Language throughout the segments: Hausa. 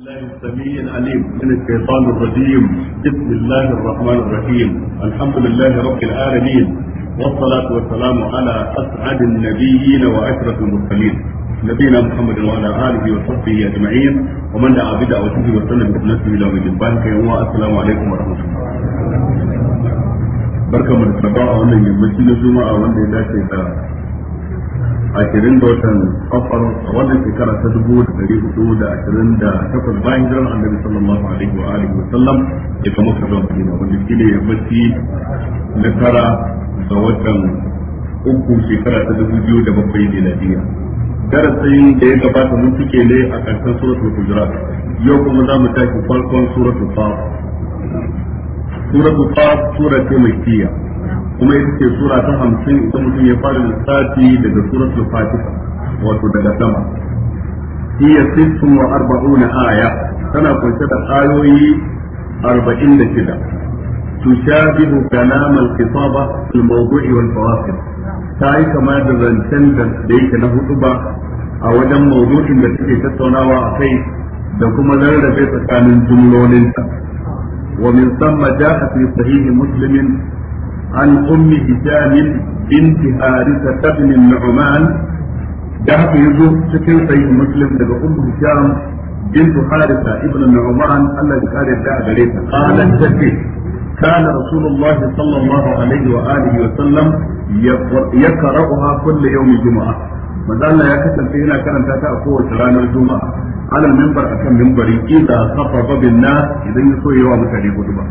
الله السميع العليم من الشيطان الرجيم بسم الله الرحمن الرحيم الحمد لله رب العالمين والصلاة والسلام على أسعد النبيين وأشرف المرسلين نبينا محمد وعلى آله وصحبه أجمعين ومن دعا بدعوته وسلم بنفسه إلى يوم الدين السلام عليكم ورحمة الله بركة من السباع وأن يمشي الجمعة وأن يدافع ashirin da watan safar a wannan shekara ta dubu da dari hudu da ashirin da takwas bayan jiran annabi sallallahu alaihi wa alihi wa sallam ya kama ka zuwa madina wanda shi ne yammaci na tara da watan uku shekara ta dubu biyu da bakwai miladiya darasin da ya gabata mun suke ne a ƙarshen suratul hujurat yau kuma za mu tashi farkon suratul qaf suratul qaf sura ce mai kuma ita ce sura ta hamsin ita mutum ya fara lissafi daga ta fatiha wato daga sama hiya sittun wa na aya tana kunshe da ayoyi arba'in da shida tushabihu kalam al-khitaba ba mawdu'i wal fawasil ta yi kama da zancen da yake na hudu ba a wajen mawdu'in da take tattaunawa a kai da kuma rarrabe tsakanin jumlolinta wa min samma ja'a fi sahihi muslimin عن أم هشام بنت حارثة بن النعمان دعك يزو تكن سيد مسلم لدى أم هشام بنت حارثة ابن النعمان الذي كان يدعى بريتا قالت تكي كان رسول الله صلى الله عليه وآله وسلم يقرأها كل يوم الجمعة manzo Allah ya kasance yana karanta ta a kowace ranar juma'a alal minbar akan minbari idza khafa bin nas idan ya so yawa mutane hudu ba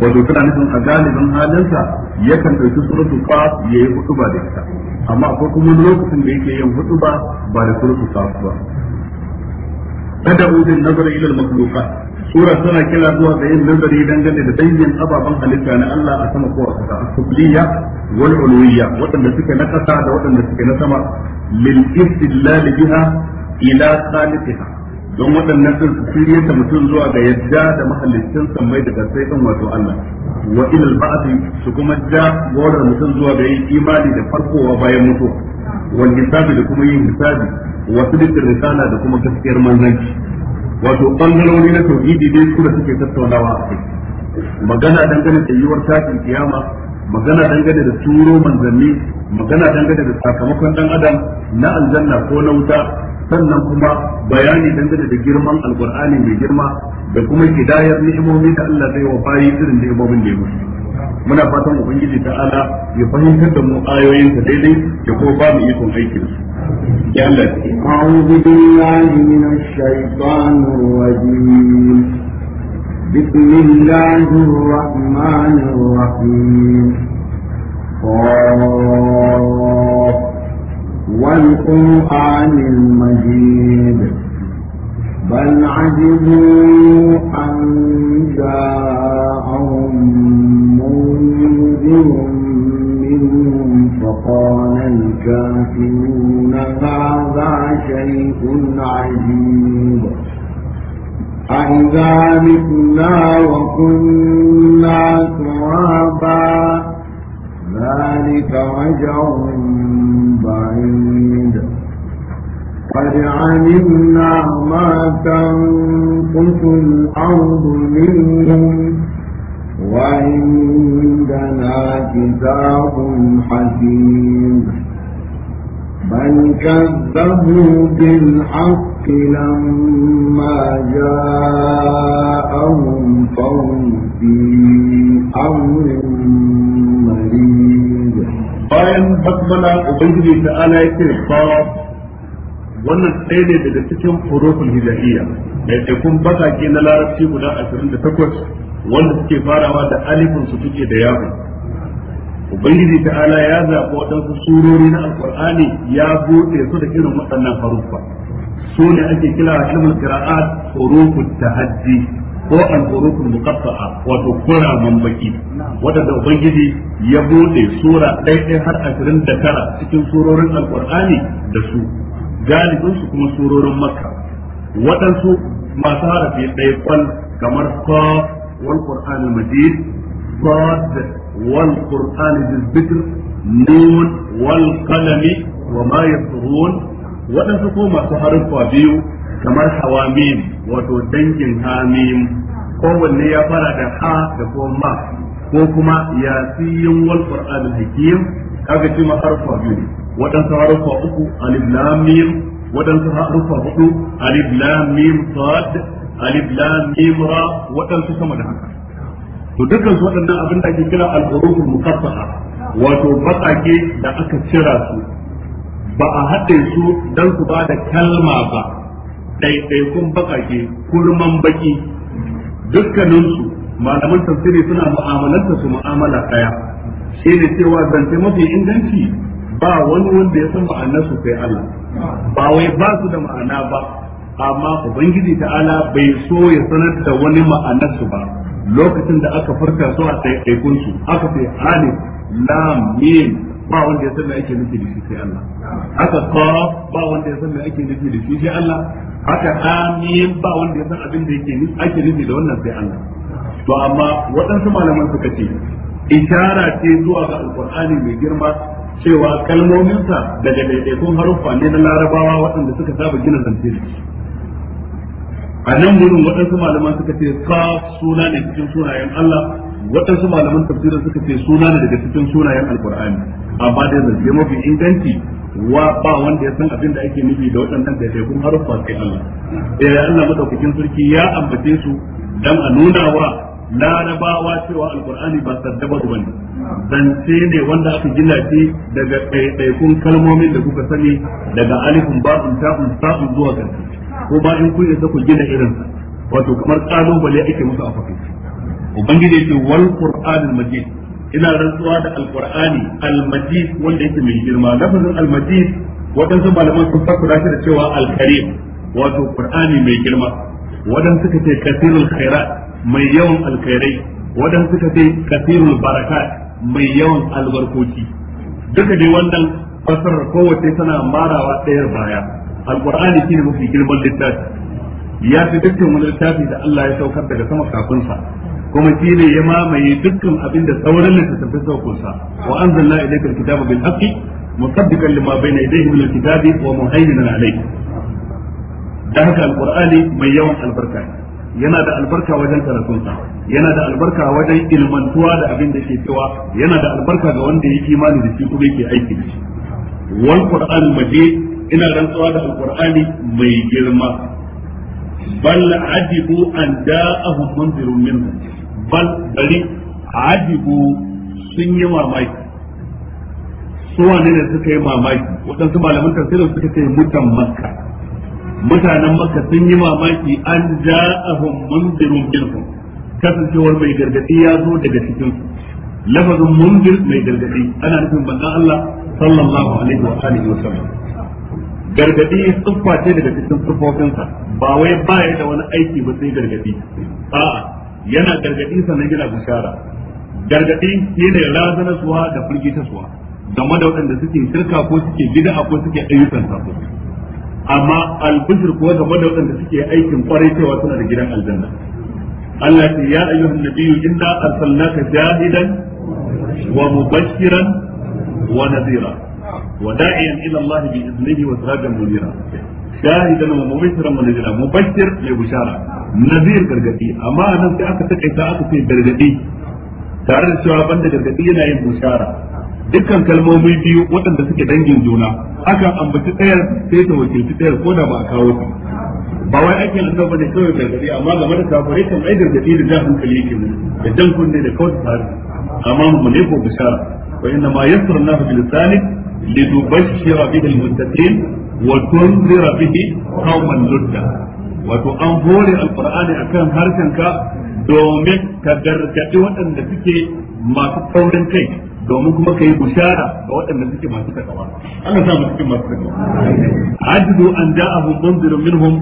wato tana nufin a galibin halinsa yakan ɗauki suratul qaf ya yi hudu ba da ita amma akwai kuma lokacin da yake yin hudu ba ba da suratul qaf ba tad'u bin nazari ila al sura tana kira zuwa ga yin nazari dangane da dangin ababen halitta na Allah a sama ko a ƙasa as wal ulwiyya waɗanda suke na kasa da waɗanda suke na sama lil istidlal biha ila khaliqiha don waɗannan ɗin su siriyar da mutum zuwa ga yadda da mahallicin sammai daga sai kan wato Allah wa ilal ba'ati su kuma ja gwarar mutum zuwa ga yin imani da farkowa bayan mutuwa wal hisabi da kuma yin hisabi wa sidiqir risala da kuma gaskiyar manzanci wato bangarori na tauhidi dai su da suke tattaunawa a kai magana dangane da yiwuwar tashin kiyama magana dangane da turo manzanni magana dangane da sakamakon dan adam na aljanna ko na wuta sannan kuma bayani dangane da girman alkur'ani mai girma da kuma kidayar ni'imomi da Allah zai wa bayi irin ni'imomin da ya musu muna fatan ubangiji ta'ala ya fahimtar da mu ayoyin ta daidai da kuma ba mu ikon aikin. su ya Allah a'udhu billahi minash shaitanir rajim بسم الله الرحمن والقرآن المجيد بل عجبوا أن جاءهم منذر منهم فقال الكافرون هذا شيء عجيب أئذا متنا وكنا ترابا ذلك أجر بعيد قد علمنا ما تنقص الأرض منهم وعندنا كتاب حكيم بل كذبوا بالحق لما جاءهم فهم في أمر bayan basmala ubangiji ta ala ya ce sarraf wannan ɗaya ne daga cikin hurufin hijaiya baka ke na larabci guda ashirin da takwas wanda suke farawa da alifin su suke da yawon ubangiji ta ala ya zaɓi waɗansu surori na alƙur'ani ya buɗe su da irin waɗannan haruffa su ne ake kira ilmul qira'at ta haddi. ko an burukun muqatta'a wato kuraman baki da ubangiji ya bude sura ɗaya har ashirin da tara cikin surorin alqur'ani da su galibin su kuma surorin makka waɗansu masu harafi ɗaya kwal kamar fa wal qur'an majid صاد والقرآن ذي الذكر نون والقلم وما يسطرون waɗansu ko masu haruffa biyu kamar hawamim wato dangin hamim kowanne ya fara da ha da ko ma ko kuma ya yasiyin wal qur'an al hakim kaga cewa harfa biyu wadansu harfa uku alif lam mim wadansu harfa hudu alif lam mim sad alif lam mim ra wadansu sama da haka to dukkan su waɗannan abin da ake kira al-huruf al-muqatta'a wato baƙaƙe da aka cira su ba a haɗe su dan su ba da kalma ba ɗaiɗaikun baƙaƙe kurman baƙi dukkaninsu malaman tafsiri suna mu'amalanta su mu'amala ɗaya shi ne cewa zance mafi inganci ba wani wanda ya san ma'anarsu sai Allah ba wai ba su da ma'ana ba amma ubangiji ta'ala bai so ya sanar da wani ma'anarsu ba lokacin da aka farka su a su aka ce alif lam mim ba wanda ya san me ake nufi da shi sai Allah haka qaf ba wanda ya san me ake nufi da shi sai Allah haka amin ba wanda ya san abin da yake nufi ake nufi da wannan sai Allah to amma waɗansu malaman suka ce ishara ce zuwa ga alqur'ani mai girma cewa kalmominsa daga daidaikun haruffa ne na larabawa waɗanda suka saba gina zance da shi a nan wurin waɗansu malaman suka ce ka suna ne cikin sunayen Allah waɗansu malaman tafsirin suka ce suna ne daga cikin sunayen alkur'ani amma dai zance mafi inganci wa ba wanda ya san abin da ake nufi da waɗannan daidaikun haruffa sai Allah eh Allah madaukakin sarki ya ambace su dan a nuna wa larabawa cewa alkur'ani ba saddaba ba ne zance ne wanda aka gina shi daga ɗaiɗaikun kalmomin da kuka sani daga alifin ba'un ta'un sa'un zuwa kan ko ba in kun isa ku gina irin sa wato kamar ƙalubale ake musu a fakai ubangiji ya ce wal qur'anul majid ina rantsuwa da alqur'ani almajid wanda yake mai girma lafazin almajid wadansu malaman sun fassara shi da cewa Al-karim. wato qur'ani mai girma wadansu suka ce kasirul khairat mai yawan alkhairai wadansu suka ce kasirul barakat mai yawan albarkoci duka dai wannan fassarar kowace tana marawa ɗaya baya alqur'ani shine mafi girman littafi ya fi dukkan wani littafi da Allah ya saukar daga sama kafin sa kuma shi ne ya mamaye dukkan abin da sauran littattafai suka kunsa wa anzalna ilaykal kitaba bil haqqi musaddiqan lima bayna yadayhi min al-kitabi wa muhaiminan alayhi da haka alqur'ani mai yawan albarka yana da albarka wajen karatunsa yana da albarka wajen ilmantuwa da abin da ke cewa yana da albarka ga wanda ya imani da shi kuma yake aiki da shi wal qur'an majid ina rantsuwa da alqur'ani mai girma bal ajibu an da'ahum munzirun minhum bal bari ajibu sun yi mamaki su wane ne suka yi mamaki waɗansu malaman tafsirin suka ce mutan makka mutanen makka sun yi mamaki an ja'ahum mundirun minhum kasancewar mai gargadi ya zo daga cikin lafazin mundir mai gargadi ana nufin banzan Allah sallallahu alaihi wa alihi wa sallam gargadi siffa ce daga cikin siffofinsa ba wai baya da wani aiki ba sai gargadi a'a yana gargadi sannan yana bishara gargadi shine razana suwa da firgita suwa game da waɗanda suke shirka ko suke gida, ko suke ayyukan sako amma albishir game da waɗanda suke aikin kwarai cewa suna da gidan aljanna Allah ce ya ayyuhan nabiyyu inna arsalnaka jahidan wa mubashiran wa nadira wa da'iyan ila Allah bi iznihi wa sirajan munira shahidan wa mubashiran wa nadira mubashir ya bushara nadir gargadi amma nan sai aka takaita aka ce gargadi tare da cewa banda gargadi yana yin bushara dukkan kalmomi biyu waɗanda suke dangin juna akan ambaci tsayar sai ta wakilci tsayar ko da ba a kawo ta ba wai aikin annabi bane kawai gargadi amma game da kafirai kan ai gargadi da jan hankali yake mu da jan kunne da kawai tsari amma mu ne ko bushara wa inna ma yassarnahu bil lisani lidubashshira bihi al muttaqin wa tunzira bihi qauman ludda wato an hore alqur'ani akan harshenka domin ka gargadi waɗanda suke masu taurin kai domin kuma ka yi bushara ga waɗanda suke masu takawa Allah sa mu cikin masu takawa ajidu an ja'ahum munzirun minhum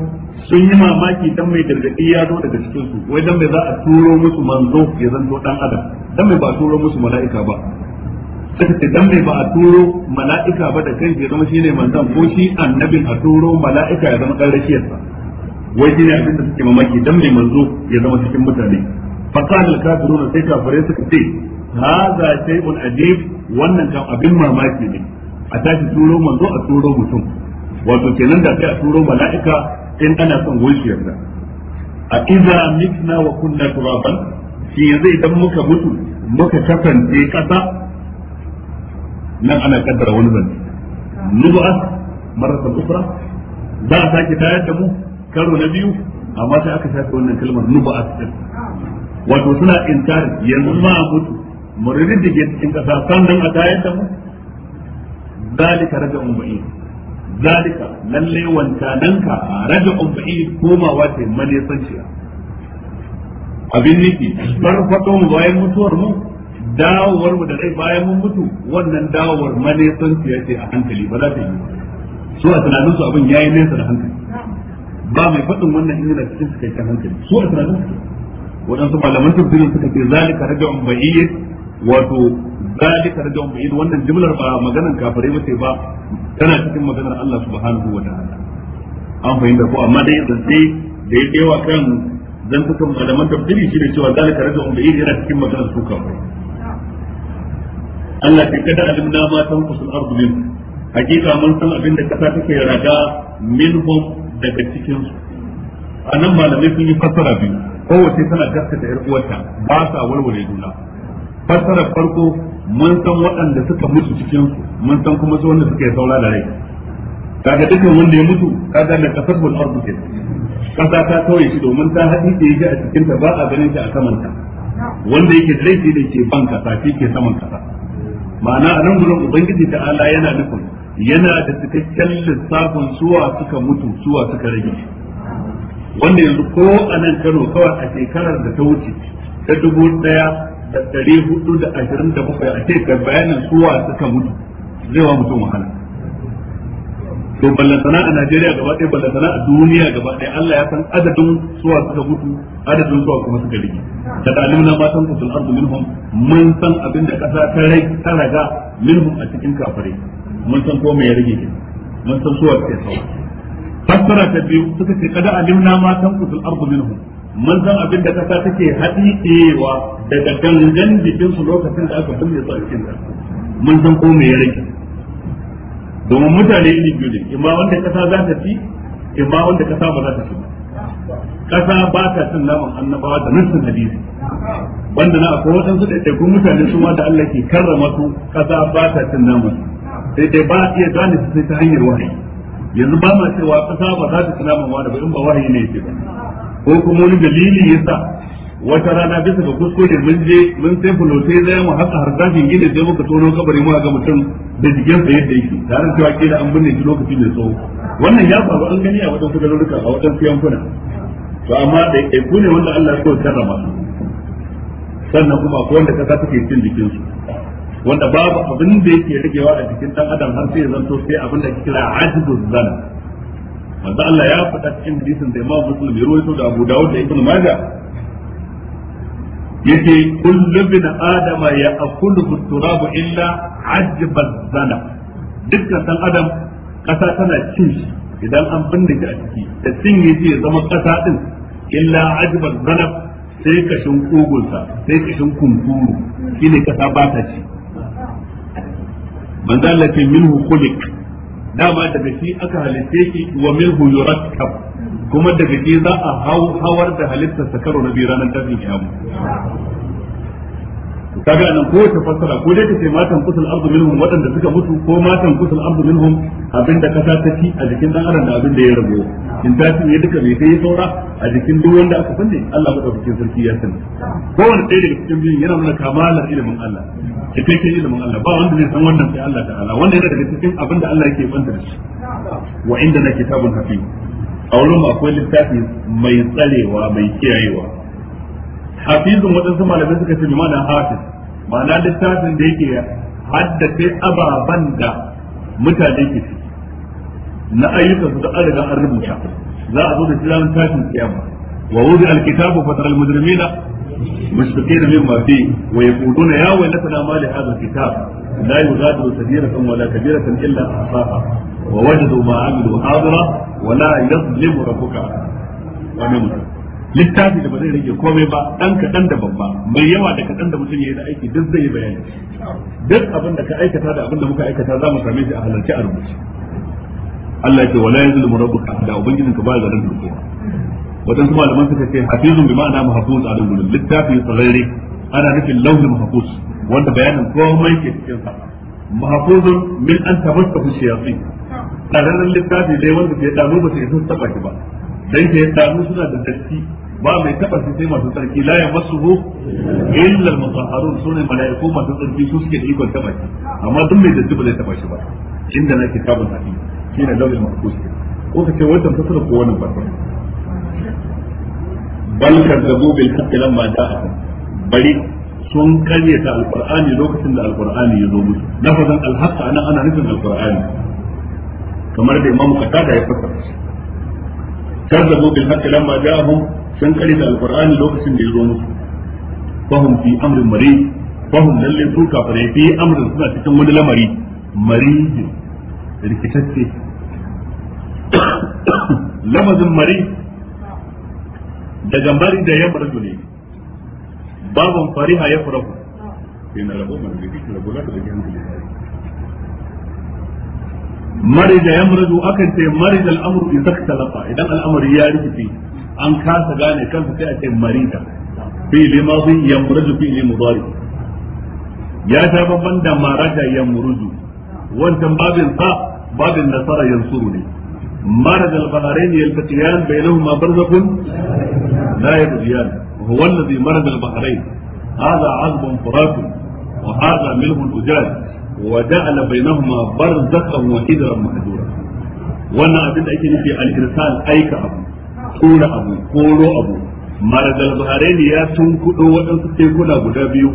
sun yi mamaki dan mai gargadi ya zo daga cikin su wai dan mai za a turo musu manzo ya zanto dan adam dan mai ba turo musu mala'ika ba suka ta dan mai ba a turo mala'ika ba da kai ya zama shine manzon ko shi annabin a turo mala'ika ya zama dan rakiyarsa wai shine abin da suke mamaki dan mai manzo ya zama cikin mutane fa qala al-kafiruna sai kafirai suka ce sai shay'un ajib wannan kan abin mamaki ne a tashi turo manzo a turo mutum wato kenan da sai a turo mala'ika in ana son goshi da a iza mikna wa kunna turaban shi yanzu idan muka mutu muka kasance kasa nan ana kaddara wani nubu nubu'a marasa ukhra za a sake tayar da mu karo na biyu amma sai aka shafe wannan kalmar nubu'a din wato suna inkari yanzu ma a mutu mu ke cikin kasa sannan a tayar da mu zalika raja umba'i zalika lalle wancananka raja umba'i komawa ce manesanciya abin nufi farfaɗo mu bayan mutuwar mu dawowar mu da rai bayan mun mutu wannan dawowar mane sun ce a hankali ba za ta yi su a tunanin su abin yayi nesa da hankali ba mai faɗin wannan in yana cikin cikakken hankali su a tunanin su waɗansu malaman tafsirin suka ce zalika raja'un bayyid wato zalika raja'un bayyid wannan jimlar ba maganar kafirai ba ce ba tana cikin maganar Allah subhanahu wa ta'ala an fahimta ko amma dai zance da ya dewa kan zantukan malaman tafsiri shi ne cewa zalika raja'un bayyid yana cikin maganar su kafirai Allah ta kada alimna ma ta sun ardu min hakika mun san abin da kasa take raga minhum daga cikin su anan malamai sun yi fassara biyu kowace tana gaske da uwarta ba sa walwale juna fassarar farko mun san waɗanda suka mutu cikin su mun san kuma su wanda suka yi saura da rai kaga dukkan wanda ya mutu kaga da kasabul ardu ke kasa ta kawai shi domin ta haɗi da yake a cikin ta ba a ganin shi a saman ta wanda yake da laifi da ke ban kasa ke saman kasa ma'ana a nan ubangiji ta ala yana nufin yana da cikakken lissafin suwa suka mutu suwa suka rage wanda yanzu ko a nan kano kawai a shekarar da ta wuce ta dubu daya da dari hudu da ashirin da bakwai a ce bayanin suwa suka mutu zai wa mutum wahala to ballan sana a Najeriya gaba ɗaya ballan sana a duniya gaba ɗaya Allah ya san adadin suwa suka mutu adadin suwa kuma suka rige da dalilin ma san kusul ardu minhum mun san abin da kasa ta rai ta raga minhum a cikin kafare mun san ko me ya rige ki mun san suwa ke sawa fassara ta biyu suka ce kada alimna ma san kusul ardu minhum mun san abin da kasa take haɗiɗewa daga gangan jikinsu lokacin da aka binne su a cikin mun san ko me ya rige domin mutane ne biyu ne in ma wanda kasa za ta ci in ma wanda kasa ba za ta ci kasa ba ta cin naman annabawa da nufin hadisi wanda na akwai waɗansu da ɗaiɗaikun mutane su ma da Allah ke karrama su kasa ba ta cin naman sai dai ba iya gane su sai ta hanyar wahayi yanzu ba ma cewa kasa ba za ta ci naman da ba in ba wahayi ne ya ce ba ko kuma wani dalili ya sa wata rana bisa ga kuskure mun je mun sai fulotai zai mu haka harsashin gida sai muka tono kabari mu ga mutum da jigen sa yadda yake tare cewa ke da an binne shi lokaci mai tsawo wannan ya faru an gani a su garuruka a wadansu yankuna to amma da ku ne wanda Allah ya so karrama sannan kuma akwai wanda kasa take cin jikin su wanda babu abin da yake rigewa a jikin dan adam har sai ya zanto sai abin da kira ajibul zan manzo Allah ya faɗa cikin hadisin da Imam Muslim ya rawaito da Abu Dawud da Ibn Majah yace kullum bin adama ya akulu turabu illa ajbal zana dukkan dan adam kasa tana cin shi idan an bindiga a ciki da cin yace ya zama kasa din illa ajbal zana sai kashin kogunsa sai kashin kunkuru shine kasa ba ta ci manzo Allah ce minhu khuliq dama daga shi aka halitte shi wa minhu yurakkab kuma daga ke za a hawar da halittar sa karo na biyu ranar tashin kiyama kaga nan ko ta fassara ko dai ta ce matan kusul ardu minhum wadanda suka mutu ko matan kusul ardu minhum abinda kasa ta ci a jikin dan adam da abinda ya rago in ta ci ne duka bai sai ya saura a jikin duk wanda aka fanne Allah madaukakin sarki ya sani ko wanda ɗaya daga cikin biyun yana nuna kamalar ilimin Allah cikakken ilimin Allah ba wanda zai san wannan sai Allah ta'ala wanda yana daga cikin abinda Allah yake banta da shi wa inda na kitabun hafi. a wurin akwai littafi mai tsarewa mai kiyayewa hafizun waɗansu malamai suka ce mana hafiz ma'ana littafin da yake haddace ababen da mutane ke ci na ayyukan su da an riga an rubuta za a zo da shi ranar tashin kiyama wa wudi alkitabu fatar almujrimina mushfiqina mimma fi wa yaquluna ya waylatana ma li hadha alkitab لا يغادر صغيرة ولا كبيرة إلا أحصاها ووجدوا ما عملوا حاضرا ولا يظلم ربك ومن littafi da ba zai rage komai ba dan kaɗan da babba mai yawa da kaɗan da mutum ya yi da aiki duk zai bayani duk abin da ka aikata da abin da muka aikata za mu same shi a halarci a rubuce Allah ya ce wala yazlimu rabbuka da ubangijinka ba zaran dukiya wadansu malaman suka ce hafizun bi ma'ana mahfuz a gurin littafi sarare ana nufin lauhi mahfuz wanda bayanin komai ke cikin sa mahfuzun min an tabassahu da tsararren littafi dai wanda ke dano ba sai sun taba ba dan ke dano suna da datti ba mai taba shi sai masu tsarki la ya masuhu illa al mutahharun sunu malaiku masu tsarki su suke da ikon taba shi amma duk mai datti ba zai taba shi ba inda na kitabun hadisi shine lawil mahfuz ko kace wannan fasara ko wannan fasara bal kadzabu bil haqqi lamma ja'ahum bari sun karyata alqur'ani lokacin da alqur'ani ya zo musu lafazan alhaq ana ana nufin alqur'ani kamar da imamu qatada ya fassara kazzabu bil haqq lamma ja'ahum sun karyata alqur'ani lokacin da ya zo musu fahum fi amrin mari fahum lalle su kafare fi amrin suna cikin wani lamari Mari rikitacce lamazin mari da gambari da yamma ne babun fariha ya furahu sai na rabo mana da kike rabo za kike da hankali marida ya muradu akan ce marida al'amru in zaktalafa idan al'amari ya rufi an kasa gane kansa sai a ce marida fi'li madhi ya muradu fi'li mudari ya ta babban da marada ya muradu wancan babin fa babin nasara yansuru ne marada al-bahrain yaltaqiyan bainahuma barzakhun la yabghiyan وهو الذي مرد البحرين هذا عذب فرات وهذا ملح أجاج وجعل بينهما برزخا وحجرا محجورا وانا أبدا أكيد في الإرسال أيك أبو قول أبو قولوا أبو مرد البحرين يا تنكدوا وأنت تنكدوا أبو دابيو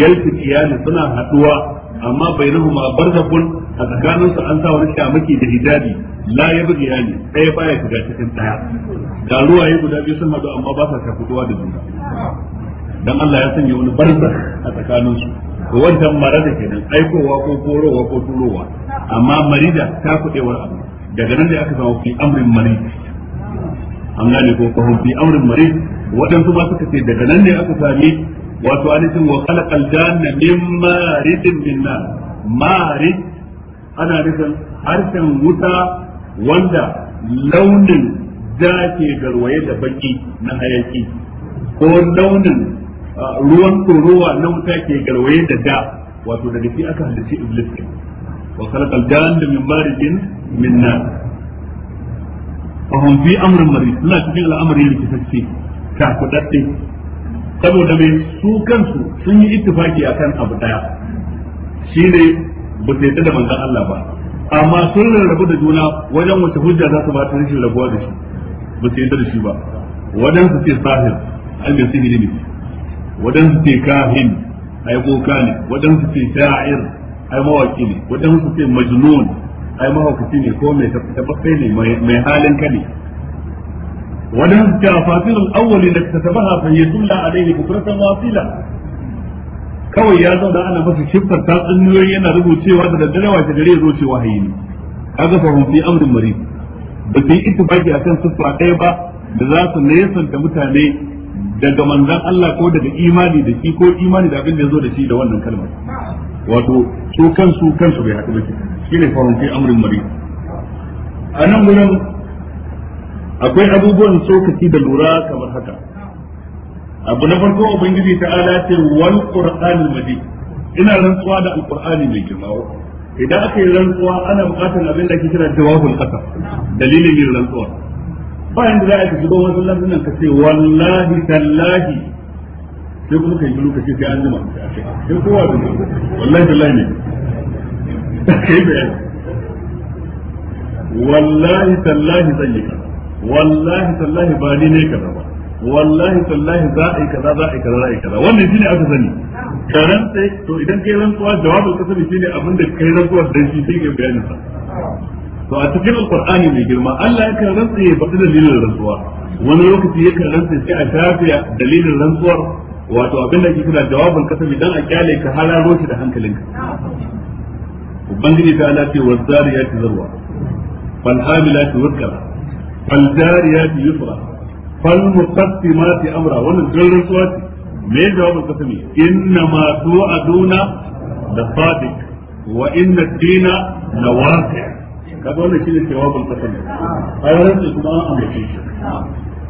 yalfi iyali suna haduwa amma bainahuma barzakhun a tsakanin su an sa wani shamaki da hijabi la yabghi yani ɗaya baya shiga cikin ɗaya da ruwaye guda biyu sun hadu amma ba sa fitowa da juna dan Allah ya sanya wani barza a tsakanin su ko wannan marada kenan aikowa ko korowa ko turowa amma marida ta kudewar abu daga nan da aka samu fi amrin marid an gane ko ko fi amrin marid waɗansu ba suka ce daga nan ne aka sami wato ainihin wa khalaqa janna min maridin min nar marid ana nufin harshen wuta wanda launin ja ke garwaye da baki na hayaki ko launin ruwan turuwa na wuta ke garwaye da da wato daga shi aka halitta iblis ne wa khalaqal janna min marijin min nar fa hum fi amrin marid la amri al'amari tafsi ka ta dadde saboda mai su kansu sun yi ittifaki akan abu daya shine ba su yadda da manzon Allah ba amma sun rarrabu da juna wajen wata hujja za su ba ta rashin rabuwa da shi ba su yadda da shi ba waɗansu ce sahir ai mai sihiri ne waɗansu ce kahin ai boka ne waɗansu ce sha'ir ai mawaki ne waɗansu ce majnun ai mahaukaci ne ko mai tabbatai ne mai halin ka ne waɗansu ce afasilul awwali da ta taba tabaha a yasulla alaihi kubratan wasila kawai ya zauna ana masa ta tatsuniyoyi yana rubucewa da daddare washe gare ya zo ce wahayi ne kaga fahimci hum fi amrin marid ba su yi ittifaki akan siffa ɗaya ba da za su nesanta mutane daga manzan Allah ko daga imani da shi ko imani da abin da ya zo da shi da wannan kalmar wato su kansu kansu bai haɗu ba shi ne faruwa fi amurin mari a nan gudan akwai abubuwan tsokaci da lura kamar haka abu na farko ubangiji ta ala ce wal qur'anul majid ina rantsuwa da alqur'ani mai girma idan aka yi rantsuwa ana bukatar abin da ake kira jawabul qasam dalilin yin rantsuwa ba da za a shiga wasu lantunan ka ce wallahi tallahi sai kuma kai shiru ka ce sai an jima sai kowa da wallahi tallahi ne kai bayani wallahi tallahi zan yi ka wallahi tallahi ba ni ne ka ba wallahi tallahi za a yi kaza za a yi kaza za a yi kaza wannan shine aka sani karan sai to idan kai rantsuwa jawabin ka sani shine abin da kai rantsuwa dan shi sai kai bayanin sa to a cikin alqur'ani mai girma Allah ya kan rantsa ya faɗi dalilin rantsuwa wani lokaci ya kan rantsa sai a shafe dalilin rantsuwar wato abin da ke kira jawabin kasabi dan a kyale ka hararo shi da hankalinka ubangiji ta ala ce wa zariyati zarwa fal hamilati wakala fal jariyati yusra fal muqassimati amra wannan dalilin suwa ce me jawabin kasami inna ma tu'aduna wa kaga wannan shine jawabin kasami ai wannan kuma an amince shi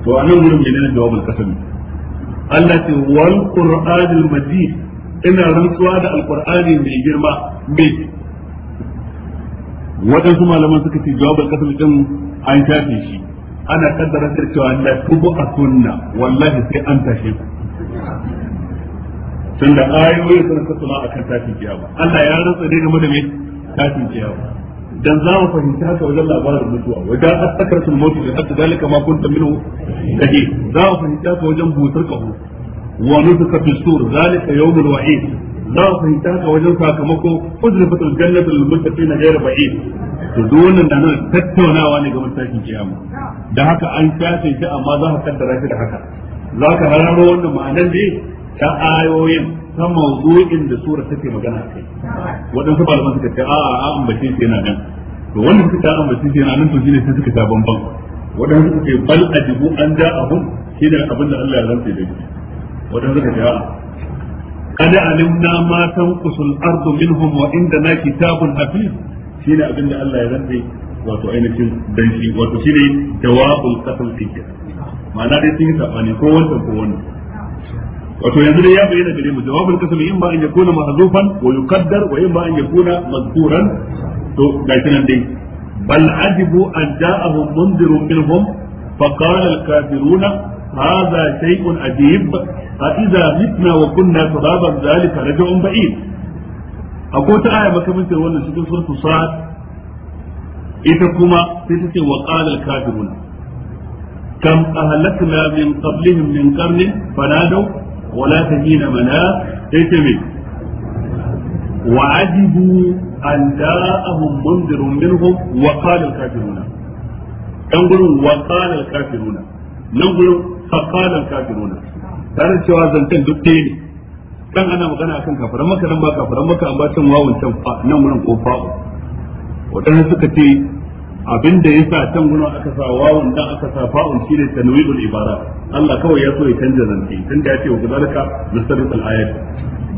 to anan gurin menene jawabin kasami Allah ce wal qur'anil majid ina rantsuwa da alqur'ani mai girma mai waɗansu malaman suka ce jawabin kasar din an shafe shi ana kaddara cewa la tubu asunna wallahi sai an tashi ku tunda ayoyi suna tattauna akan tashin kiyama Allah ya rantsa ne game da me tashin kiyama dan za mu fahimci haka wajen labarin mutuwa wajen asakaratul mutu da hatta dalika ma kunta minhu kaje za mu fahimci haka wajen busar kahu wa nusuka fi sur zalika yawmul wa'id za a fahimta ka wajen sakamako uzrifatul jannatu lil muttaqina ghayr ba'id to duk wannan da nan tattaunawa ne ga mutakin kiyama da haka an kace shi amma za ka kaddara shi da haka za ka hararo wannan ma'anar ne ta ayoyin ta mawdu'in da sura take magana kai wadansu malaman suka ce a'a a ambace shi yana nan to wanda suka ta ambace shi yana nan to shine sai suka ta bamban wadansu suka ce bal ajibu an da abun shine abin da Allah ya rantsa da shi wadansu suka ce a'a قد علمنا ما تنقص الارض منهم وعندنا كتاب حفيظ shine abin da Allah ya rantsa wato ainihin danshi wato shine jawabul qatl kiyya ma'ana dai sun yi sabani ko ko wannan wato yanzu dai ya bayyana gare mu jawabul qatl in ba an yakuna mahzufan wa yuqaddar wa in ba an to فقال الكافرون هذا شيء عجيب أإذا متنا وكنا ترابا ذلك رجع بعيد أقول تعالى ما كمنت وانا سجل سورة صاد إتكما تتسي وقال الكافرون كم أهلكنا من قبلهم من قرن فنادوا ولا تهين منا تتمي وعجبوا أن جاءهم منذر منهم وقال الكافرون كم قلوا وقال الكافرون نقول فقال الكافرون tare da cewa zancen duk ɗaya ne kan ana magana akan kafaran maka nan ba kafaran maka an ba can wawan can fa nan wurin ko fa'u wadanda suka ce abin da yasa can gurin aka sa wawan dan aka sa fa'un shine tanwi'ul ibara Allah kawai ya so ya canza zance tunda ya ce wa kazalika nasarul ayat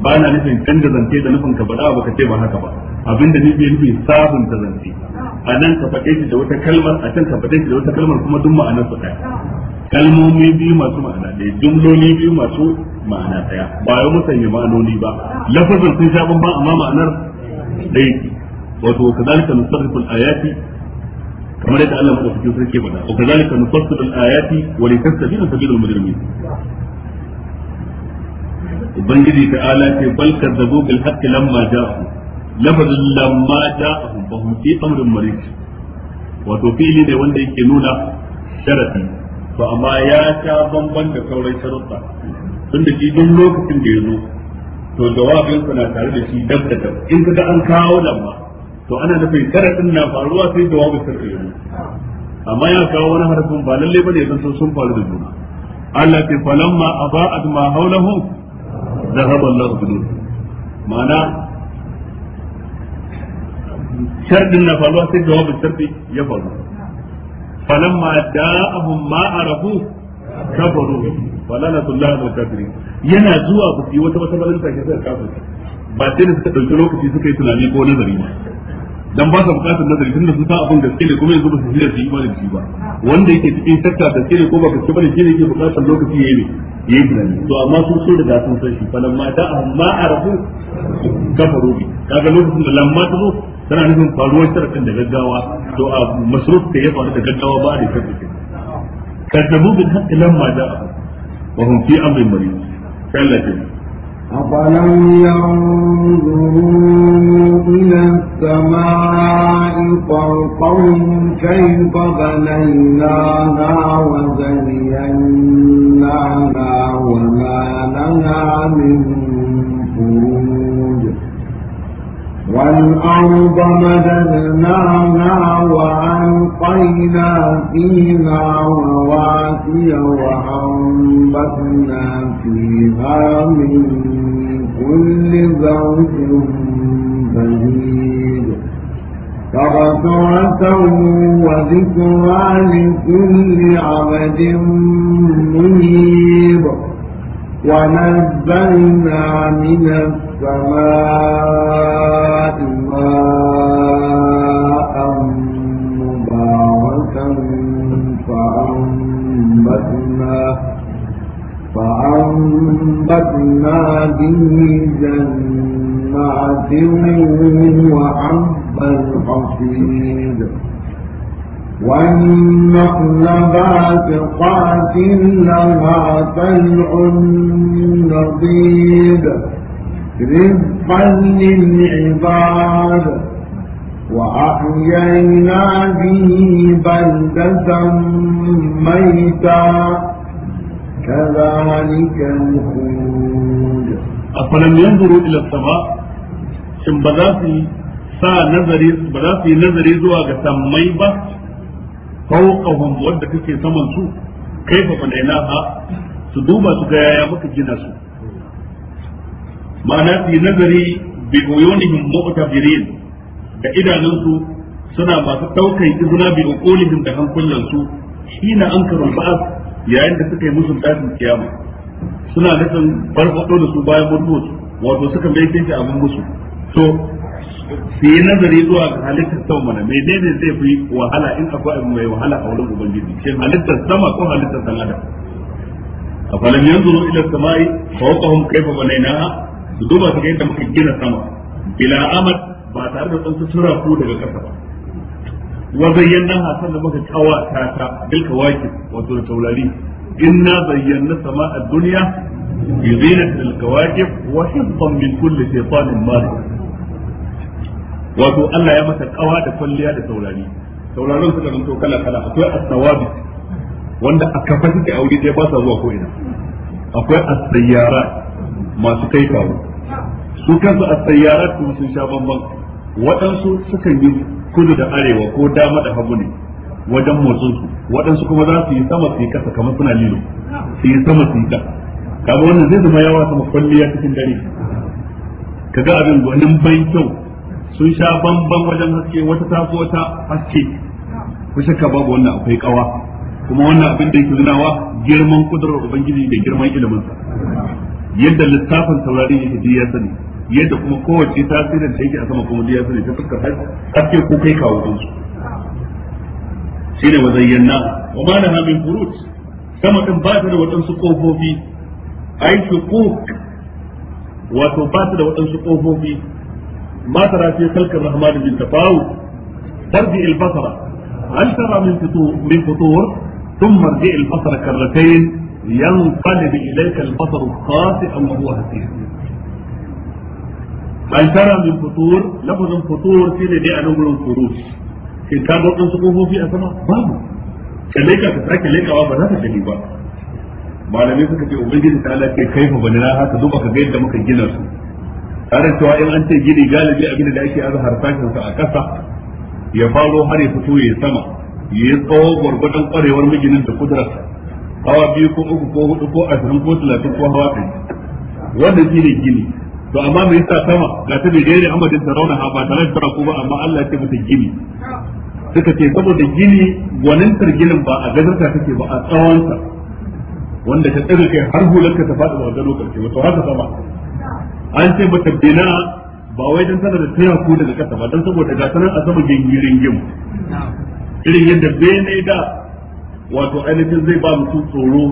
ba na nufin canza zance da nufin ka bada baka ce ba haka ba abinda nufi nufi sabunta zance a nan ka faɗe shi da wata kalmar a can ka faɗe shi da wata kalmar kuma duk ma'anar su ɗaya kalmomi biyu masu ma'ana ɗaya jumloni biyu masu ma'ana ɗaya ba ya musanya ma'anoni ba lafazin sun sha bamban amma ma'anar ɗaya wato kazalika nusarrifu al-ayati kamar yadda Allah ko cikin sarki bada wa kazalika nufassilu al-ayati wa litastabina sabilul mujrimin ubangiji ta ala ce bal kadzabu bil haqqi lamma ja'u lafazin lamma ja'u ba, hum fi amrin marid wato fili ne wanda yake nuna sharafi. to amma ya sha bamban da sauran sharuɗa tun da shi duk lokacin da ya zo to jawabinsa na tare da shi dab da dab in kaga an kawo lamma to ana nufin sharaɗin na faruwa sai jawabin sarki ya amma ya kawo wani harafin ba lalle bane zan sun faru da juna Allah ta falamma aba'at ma da haɓar Allahu bi ma'ana sharadin na faruwa sai jawabin sarfi ya faru falamma da'ahum ma arafu kafaru falana sallahu wa kafiri yana zuwa ba su yi wata wata balanta ke suka kafirci ba sai da suka ɗauki lokaci suka yi tunani ko nazari ba dan ba sa bukatar nazari tun da su san abin gaske ne kuma yanzu ba su shirya su yi imani da shi ba wanda yake cikin shakka gaske ne ko ba gaske bane da yake bukatar lokaci ya yi ne tunani to amma sun so da sun san shi falan ma da amma arafu kafaru bi kaga lokacin da lamma ta zo tana nufin faruwar sharakan da gaggawa to a masruf ta ya faru da gaggawa ba da shakka kadzabu bin haƙƙi lamma da'a ba hum fi amrin mariyu kan lafiya أفلم ينظروا إلى السماء فوقهم كيف بنيناها وزيناها وما لنا من فروج والأرض مددناها وألقينا فيها رواسي وأنبتنا فيها من كل زوج بهيج تبصرة وذكرى لكل عبد منيب ونزلنا من السماء ماء مباركا فأنبتنا فأنبتنا به جنات وحب الحصيد والنخل باسقات لها طلع نضيد رزقا للعباد وأحيينا به بلدة ميتا كذلك الخلود أفلم ينظروا إلى السماء بدأت سا نظري بدأت نظري زواج سمي بس fawqahum wanda take saman su kaifa ha, su duba su ga yaya muka gina su ma'ana fi nazari bi uyunihim mu'tabirin da idanunsu suna masu ɗaukar izina bi uqulihim da hankulan su an ankaru ba'a yayin da suka yi musu dadin kiyama suna nufin farfado da su bayan mutuwa wato suka mai kinki abin musu to su yi nazari zuwa ga halittar sama mana menene zai fi wahala in akwai abu mai wahala a wurin ubangiji shin halittar sama ko halittar dan adam afalam yanzuru ila samai fawqahum kaifa banaynaha su duba su ga yadda muka gina sama bila amad ba tare da sun tura ku daga ƙasa ba wa zayyana sannan muka kawata ta ta bil kawakib wato taurari inna zayyana sama'a dunya bi zinatil kawakib wa hifdan min kulli shaytanin marid wato Allah ya mata kawa da kwalliya da saurari sauraron suka zanto kala kala akwai asawabi wanda a kafa suke aure sai ba sa zuwa ko ina akwai asayyara masu kai kawo su kansu asayyara su sun sha bamban waɗansu sukan yi kudu da arewa ko dama da hagu ne wajen motsinsu waɗansu kuma za su yi sama su yi kasa kamar suna lilo su yi sama su yi kasa kaga wannan zai zama yawa sama kwalliya cikin dare kaga abin gwanin bai kyau sun sha bamban wajen haske wata tafi wata haske ku shakka babu wannan akwai kawa kuma wannan abin da yake nunawa girman kudurar ubangiji da girman ilimin sa yadda littafin taurari yake duk ya sani yadda kuma kowace tasirin da yake a sama kuma duk ya sani ta fuskar haske ko kai kawo din su shine wazayyana wa ma laha min furuj sama din ba ta da waɗansu kofofi ai shuquk wato ba ta da waɗansu kofofi ما ترى في خلق الرحمن من تفاوت ترجع البصر هل ترى من فطور, من فطور؟ ثم ارجع البصر كرتين ينقلب إليك البصر الخاطئ وهو هسير هل ترى من فطور لفظ فطور في لدي أنوبل الفروس في كان وقت في أسماء ماما كليك تترك كليك أبا لا تشهي بابا ما لم يفكر في تعالى كيف بنراها تدوبك جيدا مكجنة سوء tare cewa in an ce gini galibi abin da ake aza harsashin sa a ƙasa ya faro har ya fito ya sama ya yi tsawo gwargwadon kwarewar mijinin da kudurarsa hawa biyu ko uku ko hudu ko ashirin ko talatin ko hawa ɗari wannan shi ne gini to amma me yasa sama ga ta bai gaire amadin ta rauna ha ba tare da ko ba amma Allah ya ce mata gini suka ce saboda gini gwanintar ginin ba a gajarta take ba a tsawonsa wanda ta tsaga kai har hulanka ta faɗi ba a gano karshe wato haka sama an ce ba tabbina ba wai dan tana da taya ku daga kasa ba dan saboda ga sanan a sama gingirin gim irin yadda bene da wato ainihin zai ba mutum tsoro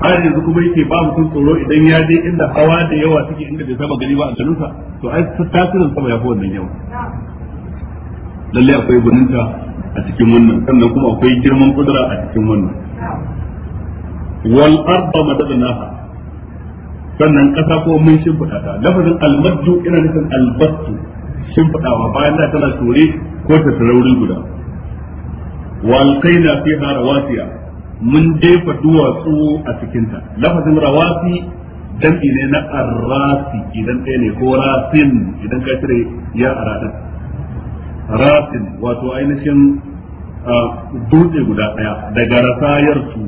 har yanzu kuma yake ba mutum tsoro idan ya je inda hawa da yawa suke inda bai saba gani ba a garinsa to ai tasirin sama ya fi wannan yawa lalle akwai gwaninta a cikin wannan sannan kuma akwai girman kudura a cikin wannan wal arda madadnaha sannan kasa ko mun shimfiɗa ta lafazin almaddu ina nufin albastu shimfiɗawa bayan da tana ture ko ta tarauri guda Wal kaina fi harawasiya mun jefa duwatsu a cikinta lafazin rawasi dan ne na arrasi idan ɗaya ne ko rasin idan ka cire ya aradin rasin wato ainihin dutse guda ɗaya daga rasayar su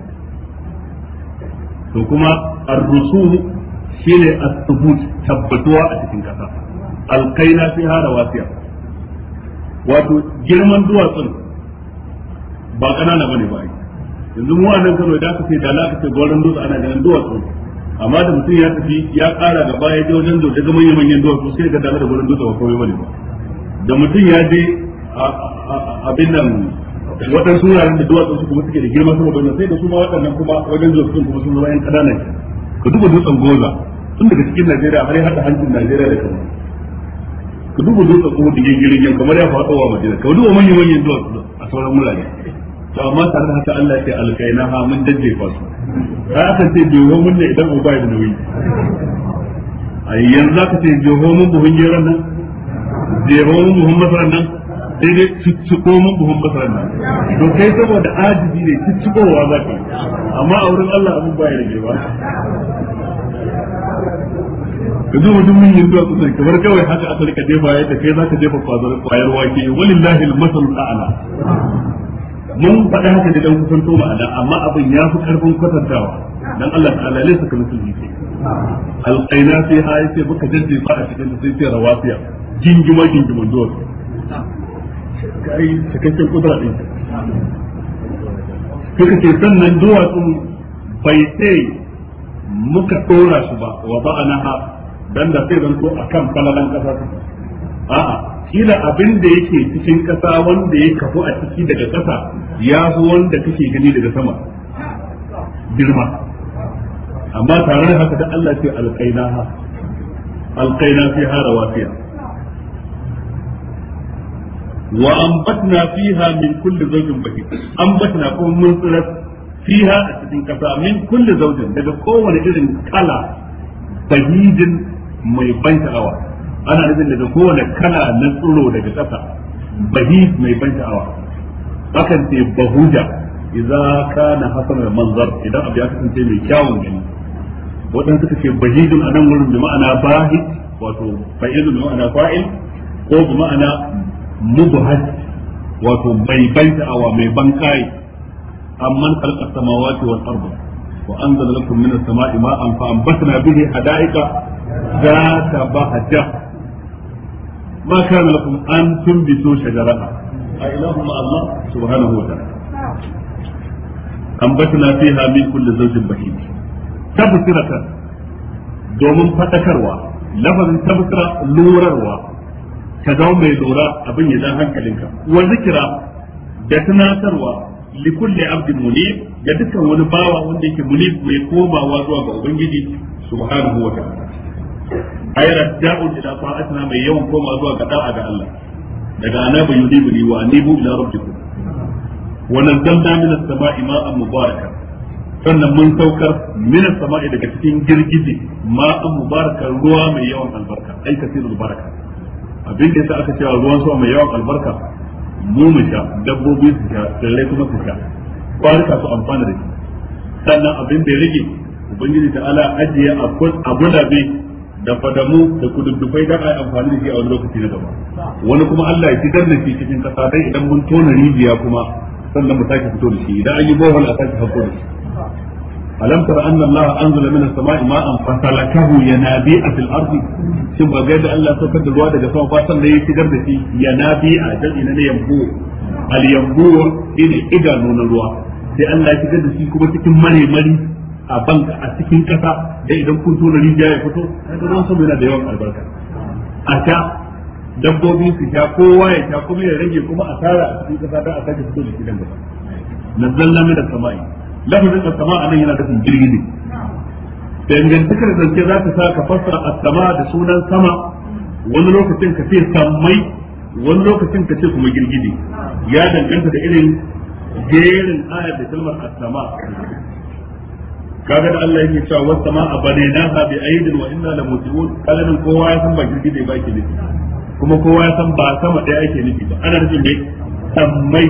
to kuma arrusu shine as-subut tabbatuwa a cikin kasa alkaina fi hada wasiya wato girman duwatsun ba kanana bane ba yanzu mu wannan Kano da aka ce da na ce goron dutse ana ganin duwatsu amma da mutum ya tafi ya kara gaba ya je wajen dutse ga manyan manyan duwatsu sai ga dama da goron dutse ba komai bane ba da mutum ya je abin nan waɗansu wuraren da duwatsun su kuma suke da su sama bayan sai da su ma waɗannan kuma wajen dutsen kuma sun zama yan ƙananan ka duba dutsen goza tun daga cikin Najeriya har ya hada hancin Najeriya da kamar ka duba dutse ko da girin yan kamar ya faɗo wa Madina ka duba manyan manyan duwatsu a sauran mulaye to amma tare da haka Allah ya alkaina ha mun daddefa su ka aka ce jeho mun ne idan uba da nauyi ai yanzu za ka ce jeho mun buhun jiran nan jeho mun buhun masaran nan sai dai cicciko mun buhun masaran nan to kai saboda ajibi ne ciccikowa za ka amma a wurin Allah abin ba ya rage ba ka ji mutum min yin zuwa kusa kamar kawai haka aka rika jefa ya tafi za ka jefa kwayar wake walillahi al-masal a'la mun faɗi haka da dan kusanto ma'ana amma abin ya fi karfin kwatantawa dan Allah ta'ala laysa ka musulmi sai alqaina fi hayi sai baka jaddi ba a cikin da sai sai rawafiya jingima jingima duwar kai cikakken kudura din kika kake sannan duwatsun bai sai muka ɗora su ba wa na ba'anaha dan da sai zanto kan falalan kasa a'a kila abin da yake cikin ƙasa wanda ya kafu a ciki daga ƙasa, ya fi wanda kake gani daga sama girma amma tare da haka da Allah ce alƙaina ha, alqainaha alqaina fiha wafiya. wa ambatna fiha min kulli zawjin bahij ambatna kuma mun tsirar fiha a cikin ƙasa min kulli zawjin daga kowane irin kala bahijin mai ban sha'awa ana nufin daga kowane kala na tsoro daga ƙasa bahi mai ban sha'awa akan ce bahuja idza kana hasanul manzar idan abu ya kasance mai kyawun gani wadan suka ce bahidun anan wurin bi ma'ana bahi wato fa'ilun bi ma'ana fa'il ko bi ma'ana mubhas wato mai ban sha'awa mai ban kai amman khalaqa samawati wal ardh وأنزل لكم من السماء ماء فأنبتنا به حدائق ذات بهجة ما كان لكم أن تنبتوا شجرها أإله مع الله سبحانه وتعالى أنبتنا فيها من كل زوج بهيج تبصرة domin fadakarwa lafazin tabbatar lurarwa ka zama mai lura abin ya dan hankalinka wa zikira da tunatarwa li kulli abdin munib ga dukkan wani bawa wanda yake muni mai komawa zuwa ga ubangiji subhanahu wa ta'ala ay radda'u ila ta'atina mai yawan komawa zuwa ga da'a ga Allah daga anaba yudibuni wa anibu ila rabbikum wa nazzalna min as-sama'i ma'an mubarakan sannan mun saukar min as-sama'i daga cikin girgije ma'an mubarakan ruwa mai yawan albarka ay kasirul baraka abin da yasa aka cewa ruwan sama mai yawan albarka mu mu sha dabbobi su sha tsirrai kuma su sha su amfana da shi sannan abin da ya rage ubangiji ta ala ajiye a bi da fadamu da kududdufai a yi amfani da shi a wani lokaci na gaba wani kuma Allah ya fitar da shi cikin kasa dai idan mun tona rijiya kuma sannan mu sake fito da shi idan an yi bohol a sake hakko da shi alam tara anna Allah anzala min as-sama'i ma'an fasalakahu yanabi'a fil ardi shin ba ga yadda Allah saukar da ruwa daga sama ba sannan ya shigar da shi yanabi'a dan ina ne yambu al yambu ne idanu na ruwa sai Allah ya shigar da shi kuma cikin mare mari a banka a cikin kasa da idan kun tona rijiya ya fito kaga ruwan sama yana da yawan albarka a ta dabbobi su sha kowa ya sha kuma ya rage kuma asara a cikin kasa da aka sake fito da shi dan gaba nazzalna min as-sama'i lafazin as-sama nan yana dafin jirgi ne dangantakar zance za ta sa ka fassara as-sama da sunan sama wani lokacin ka ce sammai wani lokacin ka ce kuma girgidi ya danganta da irin jerin ayar da kalmar as-sama kaga da Allah yake cewa was sama'a banaynaha bi aydin wa inna la muslimun kaga nan kowa ya san ba ne ba ke nufi kuma kowa ya san ba sama ɗaya ake nufi ba ana nufin dai sammai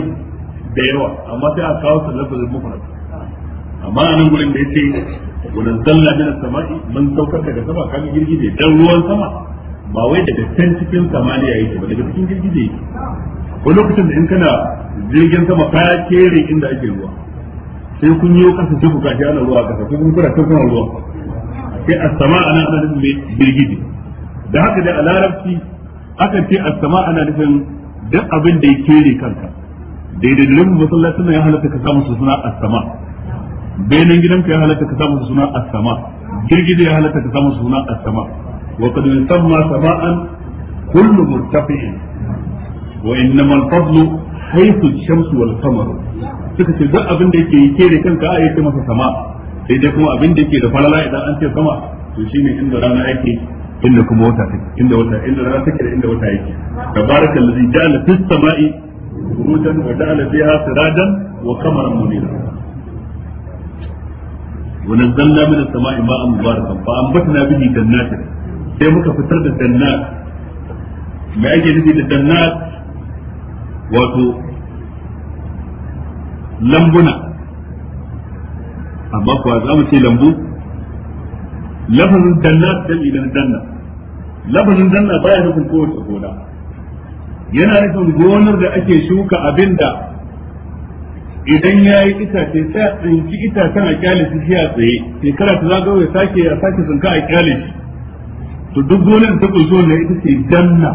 da yawa amma sai a kawo sallar da mufrad amma a nan gurin da yace wannan zalla min samai man saukar daga sama kan girgije dan ruwan sama ba wai daga can cikin samaniya yake ba daga cikin girgije ko lokacin da in kana jirgin sama ka kere inda ake ruwa sai kun yi kasa duk ka kashi ana ruwa kasa kun kura ta kuma ruwa sai a sama ana ana nufin girgije da haka da a larabci akan ce a sama ana nufin duk abin da ya kere kanka daidai da nufin masallacin nan ya halatta ka samu su suna a sama benen gidanka ya halatta ka samu suna as-sama girgije ya halatta ka samu suna as-sama wa qad yusamma sama'an kullu murtafi'in wa innama al-fadlu haythu ash-shamsu wal qamaru suka ce duk abin da yake yake da kanka a yake masa sama sai dai kuma abin da yake da falala idan an ce sama to shine inda rana yake inda kuma wata take inda wata inda rana take da inda wata yake tabarakallazi ja'ala fis sama'i burujan wa ja'ala fiha sirajan wa qamaran munira wa nazzalna min as-sama'i ma'an mubarakan fa ambatna bihi jannatin sai muka fitar da jannat me ake nufi da jannat wato lambuna amma kuwa za mu ce lambu lafazin danna dami na danna lafazin danna baya nufin gona yana nufin gonar da ake shuka abin idan ya yi itace sai a tsinci itacen a kyale shi a tsaye shekara ta zagawa ya sake a sake tsinka a kyale shi to duk gonar da ta kunshi wannan ita ce danna.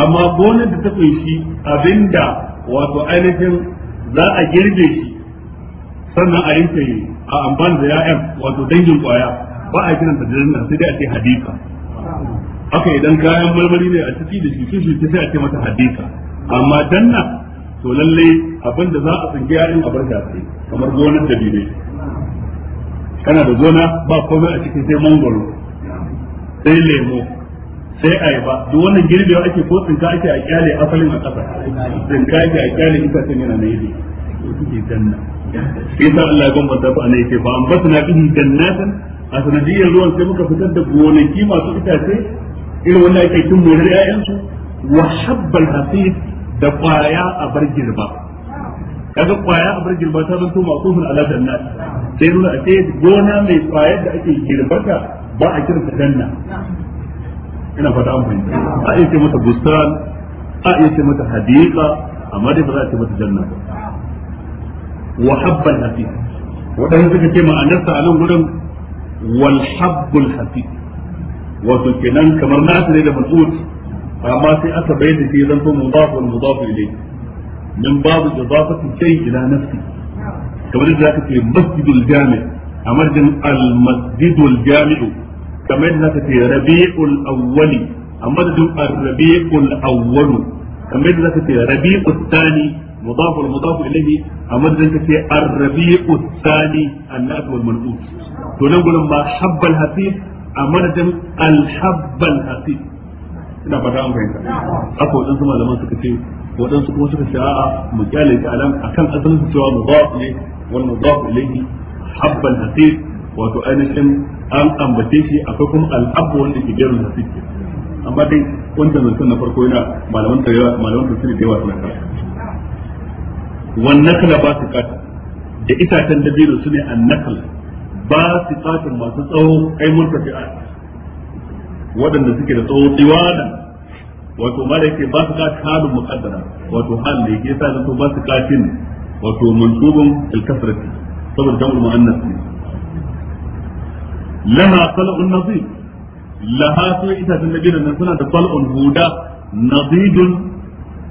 amma gonar da ta kunshi abinda wato ainihin za a girbe shi sannan a yanke a amfani da ya'yan wato dangin kwaya ba a kiranta da janna sai dai a ce hadika haka idan kayan marmari ne a ciki da shi shi sai a ce mata hadika amma danna. to lalle abin da za a tsinge yayin a barka sai kamar gonar da bibe kana da gona ba komai a cikin sai mangoro sai lemo sai ayaba duk wannan girbewa ake ko tsinka ake a kyale asalin a kasa tsinka ake a kyale ita sai yana na yi suke janna yasa Allah ya bambanta su anai ce fa ta bihi jannatan a sanadiyar ruwan sai muka fitar da gonaki masu itace irin wanda ake kin morar ƴaƴansu wa shabbal hasib da kwaya a bar girba kaga kwaya a bar girba ta zanto ma'tufun ala danna sai nuna a ce gona mai kwaya da ake girbata ba a kiranta danna ina fata an fahimta a iya ce mata bustan a iya ce mata hadiqa amma dai ba za a ce mata janna ba wa habban hafiz wadanda suka ce ma'anarsa a nan gurin wal habbul hafi wato kenan kamar na ne da mas'ud amma sai aka bai da shi zanto mudaf wal mudaf ilayhi min babu idafati shay ila nafsi kamar da zaka ce masjidul jami' amar din al masjidul jami' kamar da zaka ce rabiul awwali amar din al rabiul awwal kamar da zaka ce rabiul thani mudaf wal mudaf ilayhi amar din ka ce ar rabiul thani annas wal manqus to nan gurin ma habbal hasib amar din al habbal hasib ina fata an fahimta aka waɗansu malaman suka ce waɗansu kuma suka ce a'a mu kyale shi alam akan asalin cewa mudaf ne wal mudaf ilayhi habban hasid wato ainihin an ambace shi akwai kuma al'abu wanda ke jerin hasid amma dai wancan zancen na farko yana malaman da malaman tafsiri da yawa suna kasa wannan kala ba su kata da itacen dabino su ne annakal ba su kata masu tsawo ai mun tafi'a waɗanda suke da tsawo tsiwana wato ma da yake ba su kaci halin muqaddara wato hal da yake sa ba su wato saboda laha sal'un nazid laha su ita tun da suna da sal'un huda nazidun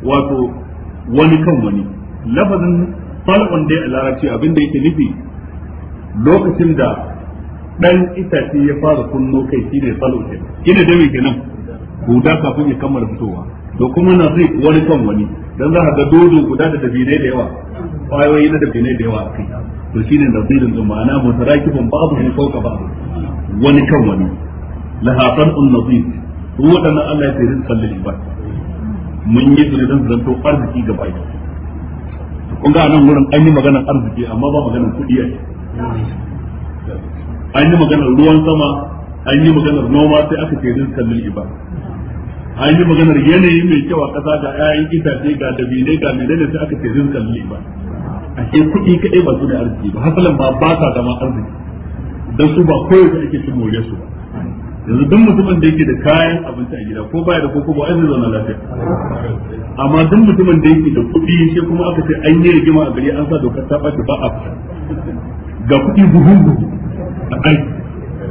wato wani kan wani lafazin sal'un dai a larabci da yake nufi lokacin da dan itace ya fara kunno kai shine salo ke ina da mai kenan guda kafin ya kammala fitowa to kuma na zai wani kan wani dan za ka ga dodo guda da dabine da yawa kwayoyi na dabine da yawa a kai to shine nazirin din ma'ana mutarakibun babu ne ka babu wani kan wani lahafan un nazir su wadannan Allah ya fi rizqan lil ba mun yi su don dan zanto arziki ga baki kun ga nan wurin an yi maganar arziki amma ba maganar kuɗi a an yi maganar ruwan sama an yi maganar noma sai aka ce rizqan lil ibad an yi maganar yanayi mai kyau a ƙasa ga 'ya'yan itace ga dabine ga menene sai aka ce rizqan lil a ashe kuɗi kaɗai ba su da arziki ba hasalan ba ba sa zama arziki dan su ba koyaushe ake cin more su ba yanzu duk mutumin da yake da kayan abinci a gida ko baya da koko ba zai zauna lafiya amma duk mutumin da yake da kuɗi sai kuma aka ce an yi rigima a gari an sa dokar ta ɓace ba a fita ga kuɗi buhun buhun a kai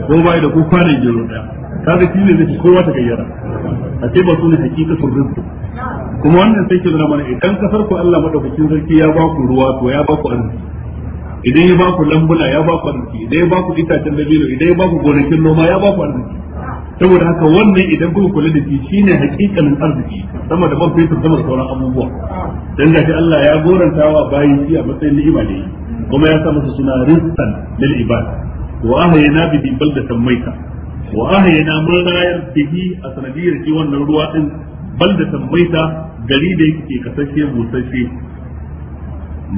ko bai da ko kwanan gero daya kaga shi ne zai kowa ta gayyara a ce ba su ne hakikatul rizqi kuma wannan sai ke nuna mana idan kasar ku Allah madaukakin sarki ya ba ku ruwa to ya ba ku arziki idan ya ba ku lambuna ya ba ku arziki idan ya ba ku itacen dabino idan ya ba ku gonakin noma ya ba ku arziki saboda haka wannan idan kuka kula da shi shine hakikanin arziki sama da ban fetur sama da sauran abubuwa dan gashi Allah ya goranta wa bayin shi a matsayin ni'ima ne kuma ya sa masa suna rizqan lil ibad wa ahyayna bihi baldatan maita wa ahyayna mun bihi a sanadiyar shi wannan ruwa din baldatan maita gari da yake kasashe busasshe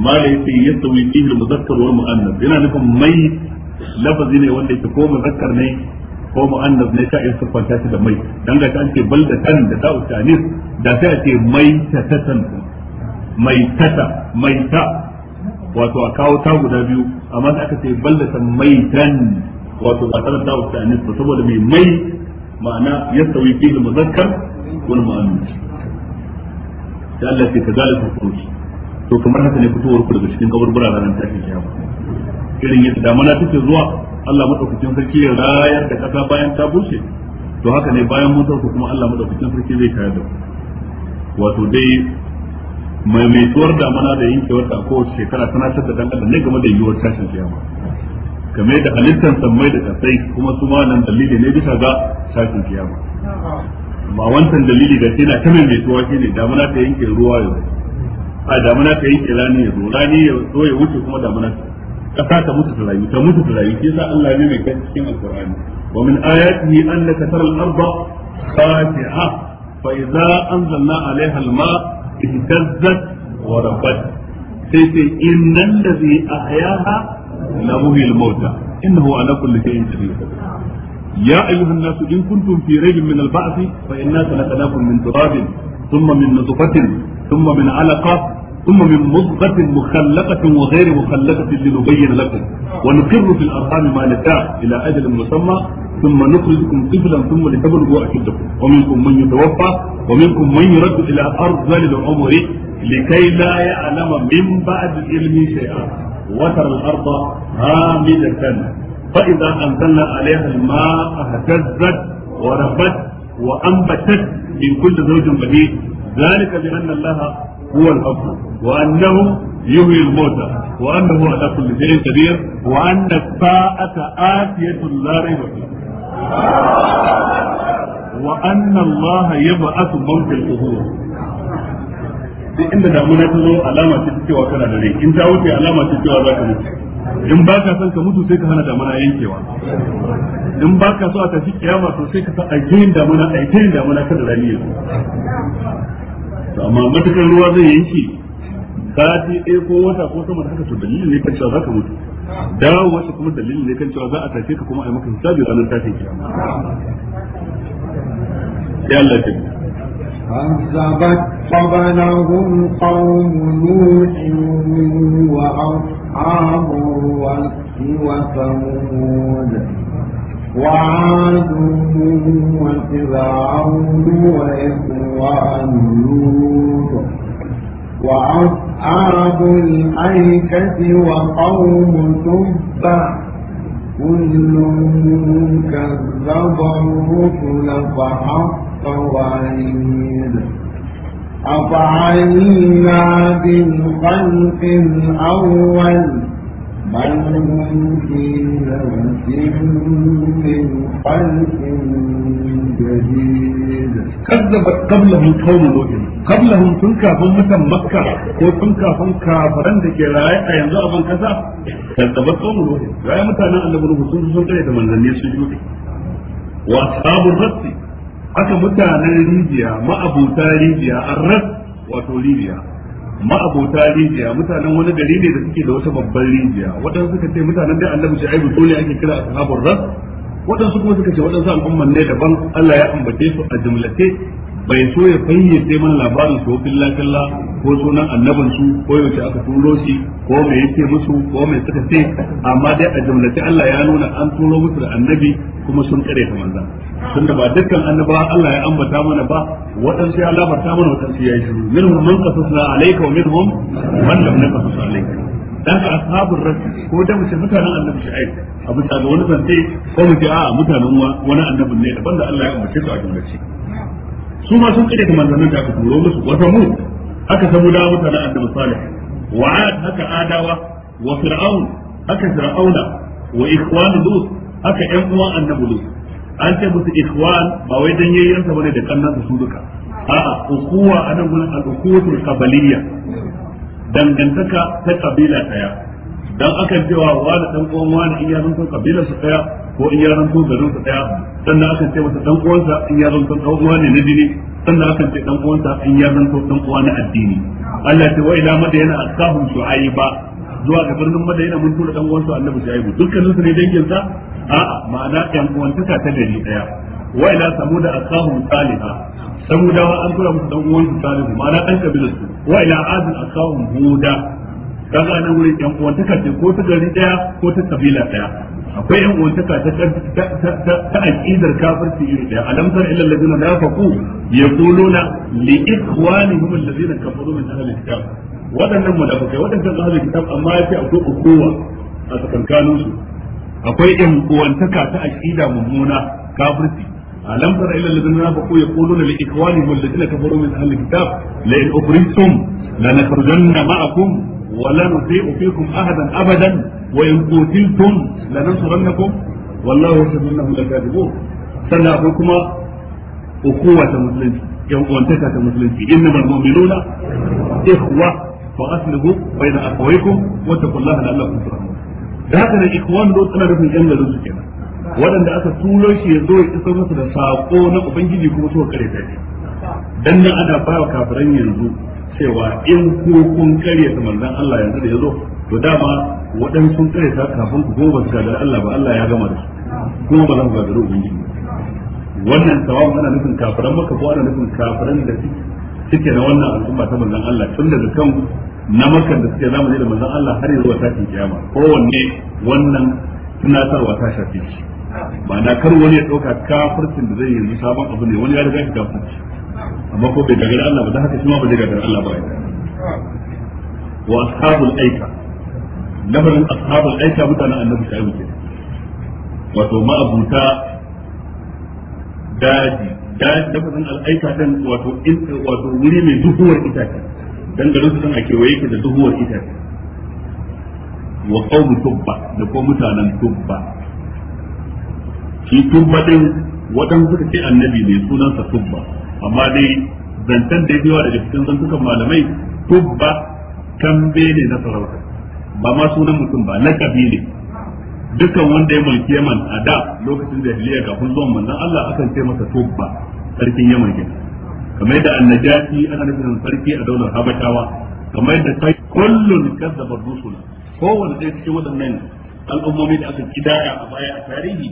ma da yake yastawi fihi al-muzakkar yana nufin mai lafazi ne wanda yake ko muzakkar ne ko mu'annas ne ka isa kwanta shi da mai dan ga ta ce baldatan da ta utanis da sai a ce mai tatatan mai tata mai ta wato a kawo ta guda biyu amma aka ce ballatan maitan wato ba tare da wata anis ba saboda mai mai ma'ana ya yastawi bil muzakkar wani mu'annas da Allah ke kazalika kuruji to kamar haka ne fitowar ku daga cikin kaburbura ranar tashin kiyama irin yadda damana take zuwa Allah madaukakin sarki ya rayar da kasa bayan ta bushe to haka ne bayan mutuwar ku kuma Allah madaukakin sarki zai tayar da ku wato dai mai mai da damana da yankewar ta kowace shekara tana tattar da adam ne game da yiwuwar tashin kiyama game da halittar sammai da kasai kuma su ma nan dalili ne bisa ga tashin kiyama amma wancan dalili da na ta mai mai tuwa shine damana ta yanke ruwa yau a damana ta yanke rani ya zo rani ya so ya wuce kuma damana ta kasa ta mutu ta rayu ta mutu ta rayu shi yasa Allah ne mai kai cikin alqur'ani wa min ayatihi annaka taral arda khati'a fa idza anzalna 'alayha al-ma' ihtazzat wa in kuntum fi raybin min al-ba'th fa inna khalaqnakum min turabin thumma ثم من مضغة مخلقة وغير لنبين لكم ونقر في ما نشاء مسمى ثم نخرجكم طفلا ثم لتبلغوا أشدكم ومنكم من يتوفى ومنكم من يرد إلى أرذل العمر لكي لا يعلم من بعد العلم شيئا وترى الأرض هامدة فإذا أنزلنا عليها الماء اهتزت وربت وأنبتت من كل زوج بديل ذلك بأن الله هو الحق وأنه يهوي الموتى وأنه على كل شيء قدير وأن الساعة آتية لا ريب فيها wa الله يبعث موت mawtal inda damuna ta zo alama ce ta cewa kana da rai in ta wuce alama ce cewa za ka mutu in ba ka son ka mutu sai ka hana damuna yankewa in ba ka so a tafi kiyama to sai ka sa ajiyin damuna ajiyin damuna kada rani ya to amma matakan ruwa zai yanke sati ɗaya ko wata ko sama da haka to dalilin ne cewa za ka mutu dawo wata kuma dalili ne kan cewa za a tafi ka kuma a yi maka hisabi ranar tashin kiyama ya Allah ta كذبت قبلهم قوم نوح وأصحاب الرس وثمود وعاد وفرعون وإخوان لوط وأصحاب الأيكة وقوم تبع كل كذب الرسل فحق وعيد أفعلنا بالخلق الأول Mallam man fi da wajen gari da shi. Kas da ba kafin da ke raye a yanzu abin kasa. Kas da ba tsohon mutanen Allah bani kun sun tsaya da mangani sun juɗe. Wasu sabon rassi haka mutanen Libya, ma'abu Libya an ras wato Libya. ma'abota rijiya mutanen wani gari ne da suke da wata babban rijiya waɗansu suka ce mutanen dai annabi shaibu su ake kira a sahabar ras waɗansu kuma suka ce waɗansu al'umman ne daban Allah ya ambace su a jumlace bai so ya fayyace mana labarin su filla filla ko sunan annaban su ko yaushe aka turo shi ko me yake musu ko me suka ce amma dai a jumlace Allah ya nuna an turo musu da annabi kuma sun kare ta manzan tunda ba dukkan annabawa Allah ya ambata mana ba waɗansu ya labarta mana waɗansu ya yi shiru minhum man qasasna alayka wa minhum man lam naqasas alayka dan ka ashabul rasul ko da mace mutanen annabi shu'aib abu ta ga wani zance ko mu a mutanen wani annabin ne daban da Allah ya ambace su a jumlace su ma sun kare da manzannin da aka turo musu wa samud haka samudawa mutanen annabi salih wa ad haka adawa wa fir'aun haka fir'auna wa ikhwan lut haka ƴan uwan annabi lut an ce musu ikhwan ba wai dan yayyan sa bane da kannan su duka a'a ukuwa anan gurin al-ukuwatul qabaliyya dangantaka ta kabila ɗaya. dan akan cewa wani dan uwan wani in ya zanto kabilar su daya ko in ya zanto garin su daya sannan akan ce masa dan uwansa in ya zanto dan uwa ne na dini sannan akan ce dan uwansa in ya zanto dan uwa na addini Allah ta wai lamar da yana ashabun shu'aiba zuwa ga birnin madaina mun tura dan uwansa annabi shu'aibu dukkanin su ne dangin sa a'a ma'ana yan uwantaka ta gari daya wa ila samuda ashabun salihah samuda an tura musu dan uwansu salihu ma'ana dan kabilar su wa ila adin ashabun huda kaga nan wurin yan uwantaka ce ko ta gari daya ko ta kabila daya akwai yan uwantaka ta ta ta aqidar kafirci iri daya alam tara illa alladhina nafaqu yaquluna li ikhwanihim alladhina kafaru min ahli kitab wadannan munafikai wadannan ahli kitab amma yace akwai ukuwa a tsakankanin su akwai yan uwantaka ta aqida mummuna kafirci alam tara illa alladhina nafaqu yaquluna li ikhwanihim alladhina kafaru min ahli kitab la in ukhrijtum la nakhrujanna ma'akum ولا نطيع فيكم أحدا أبدا وإن قتلتم لننصرنكم والله يشهد أنهم لكاذبون سنة أخوكما أخوة مسلمين يوانتكة مسلمين إنما المؤمنون إخوة فأصلحوا بين أخويكم واتقوا الله لعلكم ترحمون da haka nan ikwan do suna rufin yan garin su kenan waɗanda aka tulo shi ya zo ya isar musu da sako na ubangiji kuma suka kare ta dan nan ana ba kafiran yanzu cewa in ku kun kare ta manzon Allah yanzu da yazo to dama waɗansu sun kare ta kafin ku goma su gadar Allah ba Allah ya gama da su kuma ba za ku gadar ubangiji wannan tawabun ana nufin kafiran maka ko ana nufin kafiran da suke na wannan al'umma ta manzon Allah tun daga kan na makan da suke zamani da manzon Allah har yanzu wa tashin kiyama kowanne wannan tunatarwa ta shafe shi ma'ana kar wani ya ɗauka kafircin da zai yanzu sabon abu ne wani ya riga shi kafirci amma ko bai gagari Allah ba da haka shi ma ba zai gagari Allah ba wa ashabul aika lafazin ashabul aika mutanen annabi sai muke wato ma ma'abuta daji daji lafazin al'aika din wato in wato wuri mai duhuwar itace dan garin su a kewaye ke da duhuwar itace wa qawmu tubba da ko mutanen tubba shi tubba din wadan suka ce annabi ne sunansa tubba amma dai zantan da yawa da cikin zantukan malamai tubba tambe ne na sarauta ba ma sunan mutum ba na ne dukan wanda ya mulki Yaman a da lokacin da jahiliya kafin zuwan manzon Allah akan ce masa tubba sarkin Yaman kenan kamar yadda annajati ana nufin sarki a daular habashawa kamar yadda sai kullun kazzaba rusula kowanne ɗaya cikin waɗannan al'ummomi da aka kidaya a baya a tarihi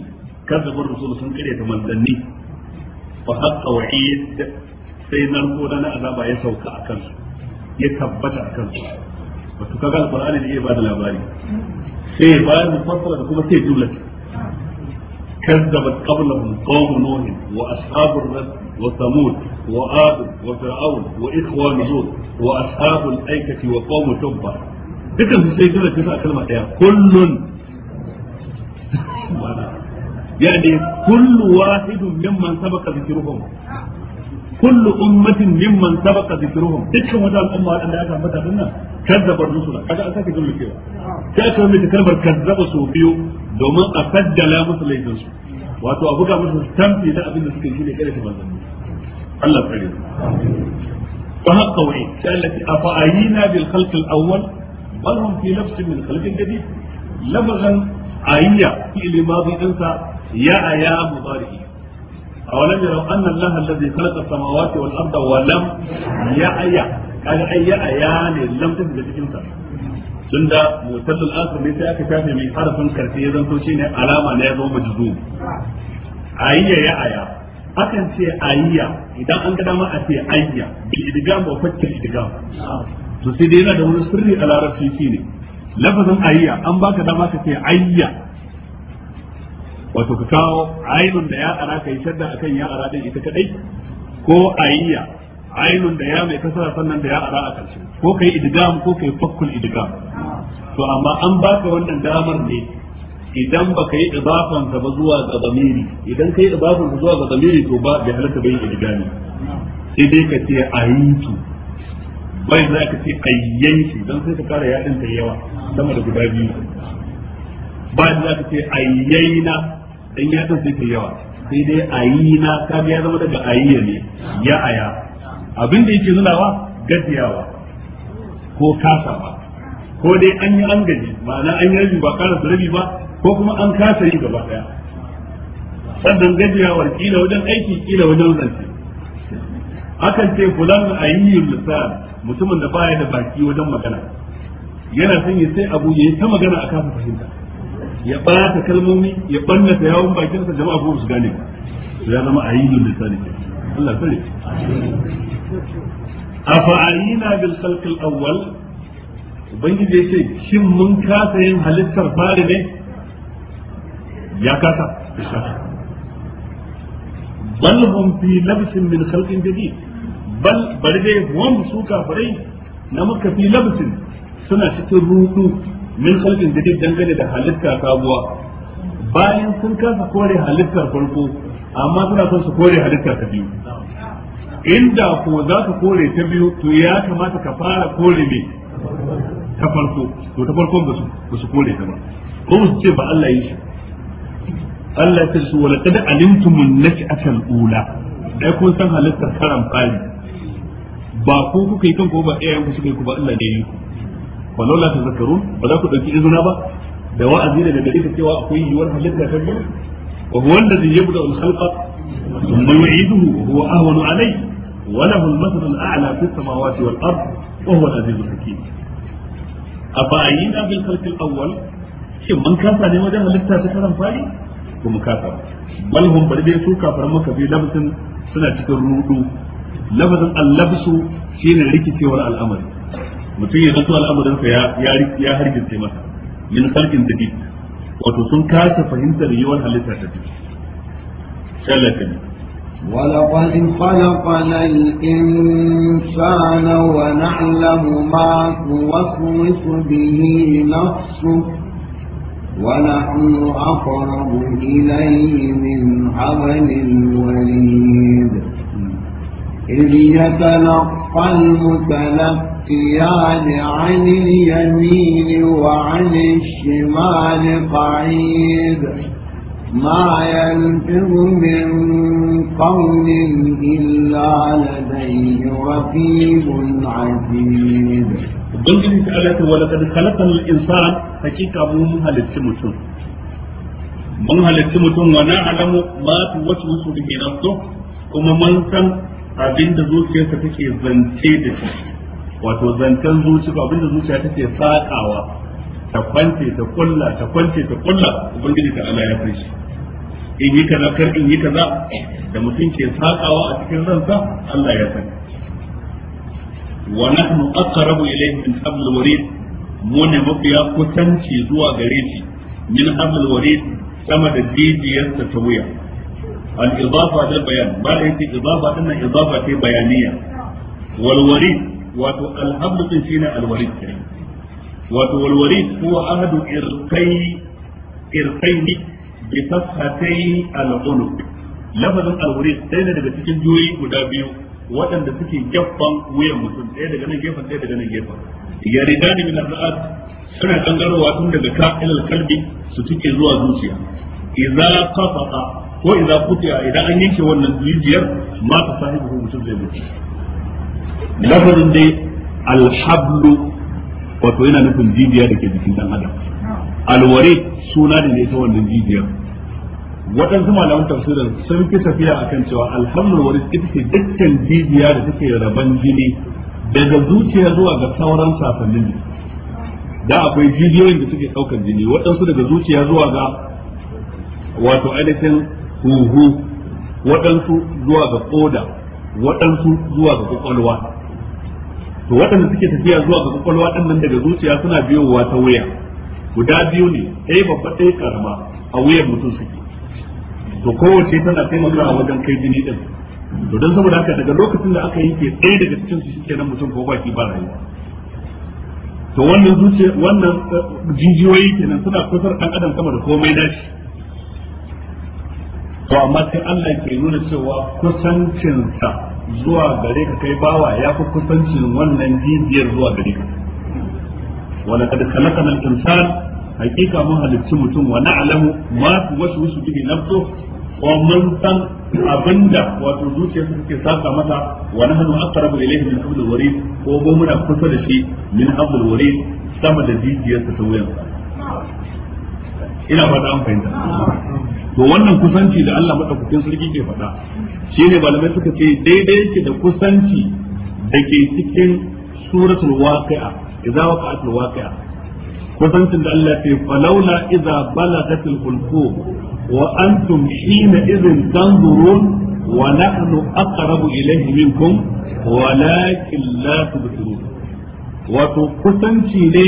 kazzabar rusul sun kare ta manzanni fa haqqa wa'id sai narko da na azaba ya sauka a kansu ya tabbata a kansu wato kaga alqur'ani da ya bada labari sai ya bayar mufassara da kuma sai jumla كذبت قبلهم قوم نوح واصحاب الرس وثمود وآد وفرعون واخوان لوط واصحاب الايكه وقوم تبع dukkan su sai dole kisa a kalma daya kullum. يعني كل واحد ممن سبق ذكرهم كل أمة ممن سبق ذكرهم تكشف هذا الأمة أن أتى متى قلنا كذب الرسل هذا أساك يقول لك تأتي من تكلم كذب صوفيو دوما أفد لا مثل يجلس وأتو أبوك مثل استمتي لا أبن السكيشين كذا تبذل الله تعالى فهق وعيد التي أفأينا بالخلق الأول بل هم في نفس من خلق جديد لفظا عيا في الماضي أنت يا يا مضارعي أولم يروا أن الله الذي خلق السماوات والأرض ولم يعيا قال أي يعني لم تجد cikinsa tunda mutallal asir ne sai aka shafe mai harafin karshe ya zanto shine alama na ya zama majzum ayya ya aya akan ce ayya idan an ga dama a ce ayya bil idgam wa fakkil idgam to sai dai yana da wani sirri a larabci shine lafazin ayya an baka dama ka ce wato ka kawo ainun da ya ara ka yi shadda akan ya ara din ita kadai ko ayya ainun da ya mai kasara sannan da ya ara a karshe ko kai idgam ko kai fakkul idgam to amma an ba ka wannan damar ne idan ba ka yi idafan ta ba zuwa ga zamiri idan ka yi idafan ta zuwa ga zamiri to ba bai halatta bai idgami sai dai ka ce ayyuki bai za ka ce ayyanki don sai ka kara yadin ta yawa sama da guda biyu ba za ka ce ayyaina in ya kan sai ta yawa sai dai ayi na ka ya zama daga ayiya ne ya aya abin da yake nunawa gadiyawa ko kasa ba, ko dai an yi an gaji ma'ana an yi rabi ba kana rabi ba ko kuma an kasa yi gaba daya sannan gajiyawar kila wajen aiki kila wajen zance akan ce fulan ayyul misal mutumin da baya da baki wajen magana yana son ya sai abu yayi ta magana akan fahimta ya bata kalmomi ya bannata yawon bakinsa jama'a ko su gane ba ya zama ayyul lisani Allah sare afa ayina bil khalq al awwal ubangiji ce shin mun kasa yin halittar fari ne ya kasa bal hum fi labsin min khalqin jadid bal bal dai wan su kafirai na muka fi labsin suna cikin rudu min khalqin jadid dangane da halitta sabuwa bayan sun kasa kore halittar farko amma suna son su kore halitta ta biyu inda ko za ka kore ta biyu to ya kamata ka fara kore me ta farko to ta farko ba su ba su kore ta ba ko su ce ba Allah yi shi Allah ya ce wala kad alimtum nak'atal ula dai kun san halittar karam fari ba ku kuka yi kanku ba iyayen ku suka yi ku ba Allah ne yi ku fa laula tazakkarun ba za ku dauki izina ba da wa'azi daga gare ka cewa akwai yiwuwar halitta ta biyu wa huwa alladhi yabda al-khalqa thumma yu'iduhu wa huwa ahwanu alayhi wa lahu al-mathalu al-a'la fi as-samawati wal-ard wa huwa al-'azizu al-hakim afa ayyina bil khalqi al-awwal shin mun kasa ne wajen halitta ta mu su bi suna cikin rudu lafazin al-labsu rikicewar al'amari mutum ya zanto al'amuransa ya ya hargitse masa min khalqin jadid wato sun kasa fahimtar yawan halitta ta ce jiki sallatan ولقد خلقنا الإنسان ونعلم ما توسوس به نفسه ونحن أقرب إليه من حبل الوريد إذ يتلقى المتلقى يأتيان عن اليمين وعن الشمال قعيد ما يلفظ من قول إلا لديه رقيب عتيد Ubangiji ta Allah walaqad khalaqal insan hakika mu mun halicci mutum mun halicci mutum wa na'lamu ma tuwaswisu bihi nafsuh kuma mun san abinda zuciyarsa take zance da shi wato zancen zuci ko abinda zuciya take sakawa ta kwance ta kulla ta kwance ta kulla ubangiji ta Allah ya san shi in yi kaza kar in yi kaza da mutum ke sakawa a cikin ransa Allah ya san wa nahnu aqrabu ilayhi min hablil warid mu ne mafiya kusanci zuwa gare shi min hablil warid sama da jijiyarsa ta wuya al-idafa da bayan ba da yake idafa dinnan idafa ce bayaniya wal warid wato alhablu din shine alwarid wato walwarid huwa ahadu irkai ne, bi safhatai al-unuq lafazin alwarid sai ne daga cikin juyi guda biyu waɗanda suke gefen wuyan mutum ɗaya daga nan gefen ɗaya daga nan gefen yaridani min ar-ra'at suna gangarowa tun daga ka ila kalbi su tuke zuwa zuciya idza qafata ko idza qutiya idan an yanke wannan jijiyar ma ta sahibu mutum zai mutu lafazin dai alhablu wato yana nufin jijiya da ke jikin dan adam alware suna da ne ta wannan jijiya waɗansu malaman tafsirin sun fi tafiya akan cewa alhamdul wari ita ce dukkan jijiya da take raban jini daga zuciya zuwa ga sauran sasannin da akwai jijiyoyin da suke ɗaukar jini waɗansu daga zuciya zuwa ga wato ainihin huhu waɗansu zuwa ga koda waɗansu zuwa ga kwakwalwa to waɗanda suke tafiya zuwa ga kwakwalwa ɗin nan daga zuciya suna biyowa ta wuya guda biyu ne ɗaya babba ɗaya karama a wuyan mutum suke to kowace tana taimakawa wajen kai jini ɗin to don saboda haka daga lokacin da aka yanke ɗaya daga cikin su shike nan mutum ko baki ba rayuwa to wannan zuciya wannan eh, jijiyoyi kenan suna kusar ɗan adam sama da komai nashi to amma sai Allah ke nuna cewa kusancinsa zuwa gare ka kai bawa ya fi kusancin wannan jijiyar zuwa gare ka wala kad khalaqana al-insan hakika mun halicci mutum wa na'lamu ma tuwaswisu bihi nafsu wa mun san abinda wato zuciyarsa take saka mata wa nahnu aqrabu ilayhi min hablil warid ko mu muna kusa da shi min hablil warid sama da jijiyar ta wuyansa ina fata an fahimta to wannan kusanci da Allah madaukakin sarki ke faɗa shine malamai suka ce daidai yake da kusanci da ke cikin suratul waqi'a idza waqa'atul waqi'a kusancin da Allah ce falaula idza balagatil hulqum wa antum hina idhin tanzurun wa nahnu aqrabu ilayhi minkum walakin la tubsirun wato kusanci ne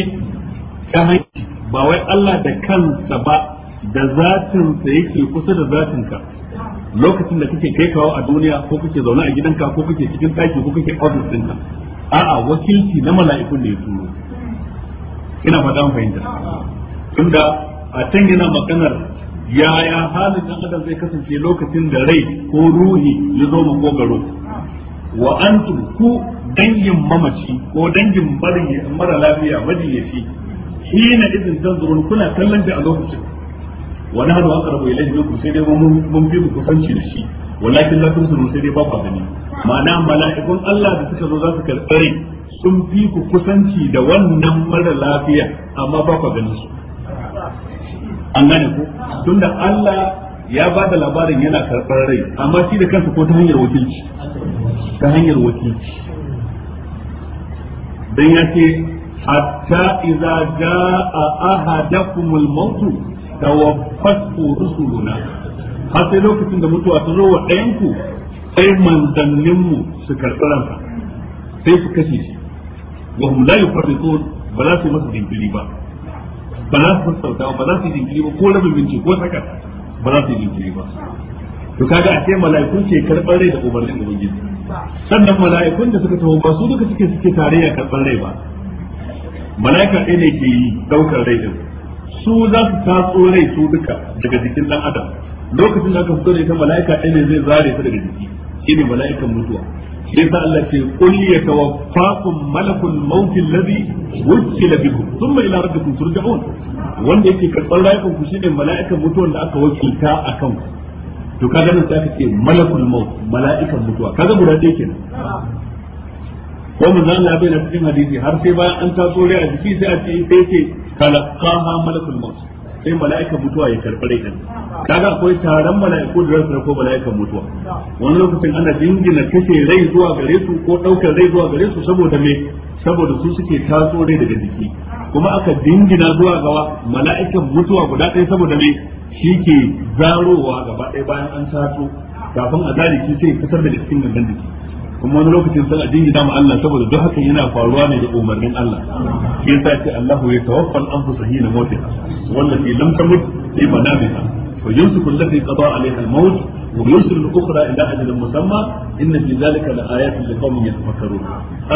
ta hanyar ba wai Allah da kansa ba da zatin sa yake kusa da zatin ka lokacin da kake kai kawo a duniya ko kake zaune a gidanka ko kake cikin ɗaki ko kake office ɗinka a'a wakilci na mala'ikun da ya turo ina fata mun fahimta tunda a can yana maganar yaya halin dan adam zai kasance lokacin da rai ko ruhi ya zo gogaro wa antum ku dangin mamaci ko dangin mara lafiya shi hina idan tanzurun kuna kallon da a lokacin Wani wa nahnu aqrabu ilayhi minkum sai dai mun fi ku kusanci da shi walakin la tumsiru sai dai ba ku gani ma'ana mala'ikun Allah da suka zo za su karɓare sun fi ku kusanci da wannan mara lafiya amma ba ku ganin su an gane ku tunda Allah ya ba da labarin yana karɓar rai amma shi da kansa ko ta hanyar wakilci ta hanyar wakilci dan ya ce hatta idza jaa ahadakum al-maut tawaffatu rusuluna har sai lokacin da mutuwa ta zo wa ɗayan ku sai manzannin mu su karɓi sai su kashe shi wa hum la yufarriqun ba za su masa jinkiri ba ba za su sassauta ba za su jinkiri ba ko rabin binci ko saka ba za su jinkiri ba to kaga a ce mala'ikun ke karɓar rai da umarnin ubangiji sannan mala'ikun da suka taho ba su duka suke suke tarayya karɓar rai ba mala'ika ɗaya ne ke yi ɗaukar rai din su za su ta rai su duka daga jikin dan adam lokacin da aka fito ne ta mala'ika ɗaya ne zai zare ta daga jiki shine mala'ikan mutuwa sai sa Allah ce qul yatawaffakum malakul maut alladhi wukila bikum thumma ila rabbikum turja'un wanda yake karɓar rayukan ku shine mala'ikan mutuwan da aka wakilta akan ku to kaga nan sai aka ce malakul maut mala'ikan mutuwa kaga guda ɗaya kenan ko manzo zanna bai na cikin hadisi har sai bayan an taso rai a jiki sai a ce sai ce kalaqaha malakul maut sai mala'ika mutuwa ya karbi rai din kaga akwai taron mala'iku da rasu ko mala'ikan mutuwa wani lokacin ana dingina kace rai zuwa gare su ko daukar rai zuwa gare su saboda me saboda su suke taso rai daga jiki kuma aka dingina zuwa gawa mala'ikan mutuwa guda ɗaya saboda me shi ke zarowa gaba ɗaya bayan an taso kafin a zaliki sai fitar da cikin gangan jiki kuma wani lokacin sai a jingina ma Allah saboda duk hakan yana faruwa ne da umarnin Allah shi yasa ce Allahu ya tawaffal anfusa hina mautiha wallati lam tamut fi manamiha wa yumsiku allati qada alaiha al-maut wa yursilu al-ukhra ila ajalin musamma inna fi dhalika la ayatin liqaumin yatafakkarun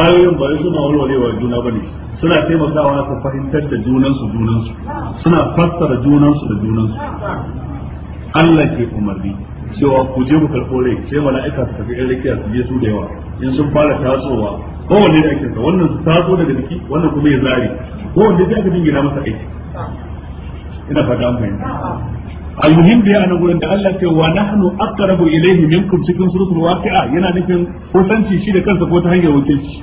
ayoyin ba suna walwalewa juna bane suna taimakawa su fahimtar da junansu junansu suna fassara junansu da junansu Allah ke umarni cewa ku je mu karɓo rai sai mala'ika su tafi rakiya su je su da yawa in sun fara tasowa kowanne da ake sa wannan su taso daga jiki wannan kuma ya zare ko wanne da aka jingina masa aiki ina fata an fahimta almuhim da yana gurin da Allah ce wa nahnu aqrabu ilayhi minkum cikin suratul waqi'a yana nufin kusanci shi da kansa ko ta hanyar wakilci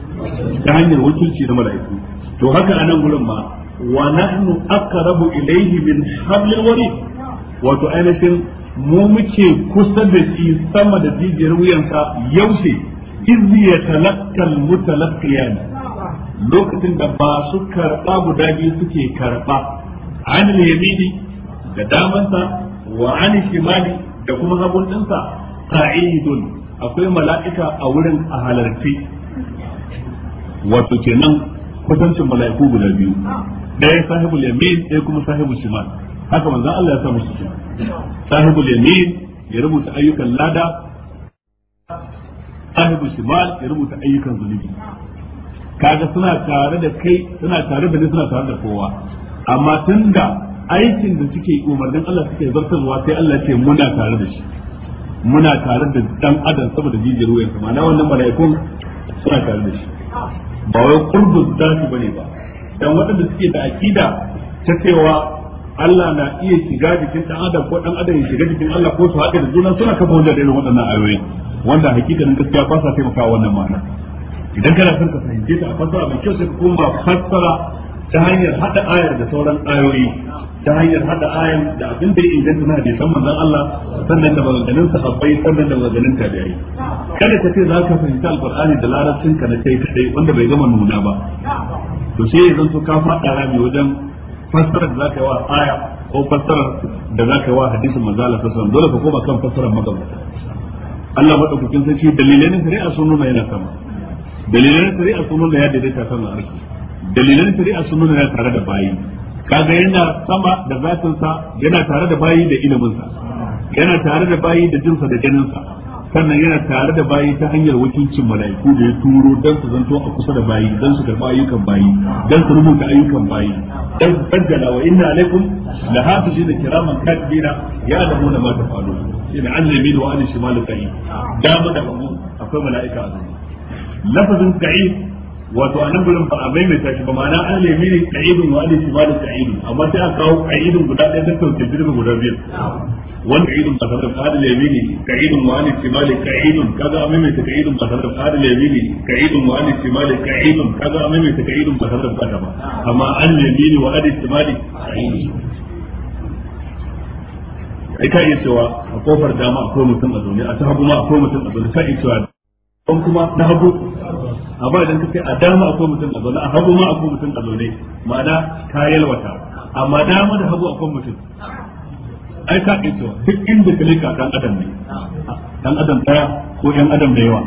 ta hanyar wakilci da mala'iku to haka anan gurin ma wa nahnu aqrabu ilayhi min hablil warid wato ainihin mu muke kusa da shi sama da jijiyar wuyansa yaushe izi ya talakkal mutalaqqiyan lokacin da ba su karba guda biyu suke karba an yamini da damansa wa an shimali da kuma hagun dinsa qa'idun akwai mala'ika a wurin a halarci wato kenan kusancin mala'iku guda biyu ɗaya sahibul yamin ɗaya kuma sahibul shimal haka manzan Allah ya sa musu shi sahibul yamin ya rubuta ayyukan lada sahibul shimal ya rubuta ayyukan zunubi kaga suna tare da kai suna tare da ni suna tare da kowa amma tunda aikin da suke umarnin Allah suke zartarwa sai Allah ce muna tare da shi muna tare da dan adam saboda jijiyar wayar kuma na wannan mala'ikun suna tare da shi ba wai qurbul zati bane ba dan waɗanda suke da akida ta cewa Allah na iya shiga jikin dan adam ko dan adam ya shiga jikin Allah ko su haɗe da juna suna kafa wajen da irin waɗannan ayoyi wanda hakikanin gaskiya ba sa taimaka wannan ma'ana idan kana son ka fahimce ta a fassara mai kyau sai ka koma fassara ta hanyar haɗa ayar da sauran ayoyi ta hanyar haɗa ayar da abin da ya inganta na hadisan manzon Allah sannan da maganganun sahabbai sannan da maganganun tabi'ai kada ka ce za ka fahimci alqur'ani da larabcin ka na kai kadai wanda bai gama nuna ba to sai ya zanto ka faɗa rami wajen fassara da zaka yi wa aya ko fassara da zaka yi wa hadisin manzo Allah sallallahu alaihi dole ka koma kan fassarar magabata Allah madaukakin sarki dalilan shari'a sun nuna yana sama dalilan shari'a sun nuna ya daidaita kan arshi dalilan shari'a sun nuna ya tare da bayi kaga yana sama da zatinsa yana tare da bayi da iliminsa yana tare da bayi da jinsa da ganinsa sannan yana tare da bayi ta hanyar wakilcin mala'iku da ya turo dan su zanto a kusa da bayi dan su karba ayyukan bayi dan su rubuta ayyukan bayi dan baddala wa inna alaikum la hafizina kiraman katibina ya'lamuna ma falo. ina an yamin wa an shimal qa'i dama da babu akwai mala'ika a zuwa lafazin qa'i wato anan gurin ba a maimaita shi ba ma'ana an nemi ne ka'idun wa alif ba da ka'idun amma sai a kawo ka'idun guda ɗaya ta kauce guda biyar wani ka'idun ba tare da fa'ada lemi ne ka'idun wa alif ba da ka'idun kaga maimaita ka'idun ba tare da fa'ada lemi ne ka'idun wa alif ba da ka'idun kaga maimaita ka'idun ba tare da fa'ada ba amma an nemi ne wa alif ba da ka'idun ai ka iya cewa a kofar dama akwai mutum a zaune a ta hagu ma akwai mutum a zaune ka iya cewa kuma na hagu amma idan kace a dama akwai mutum a zaune a hagu ma akwai mutum a zaune ma'ana ka yalwata amma dama da hagu akwai mutum ai ka ɗin duk inda ka leka dan adam ne dan adam ɗaya ko yan adam da yawa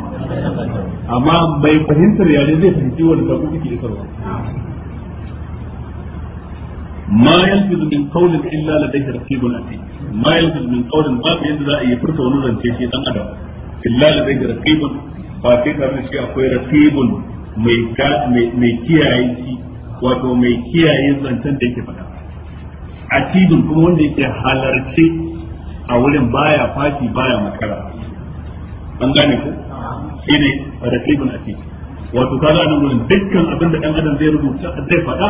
amma mai fahimtar ya yare zai fahimci wanda ka kuke isarwa ما يلفظ من قول الا لديه رقيب عتيد ما يلفظ من قول ما بيد ذا يفرط ونزل في شيء ادم الا لديه رقيب ba sai tare da shi akwai raqibun mai mai kiyaye shi wato mai kiyaye zancen da yake faɗa atidun kuma wanda yake halarce a wurin baya fashi baya makara an gane ku shine raqibun atid wato kaga nan wurin dukkan abin da dan adam zai rubuta zai faɗa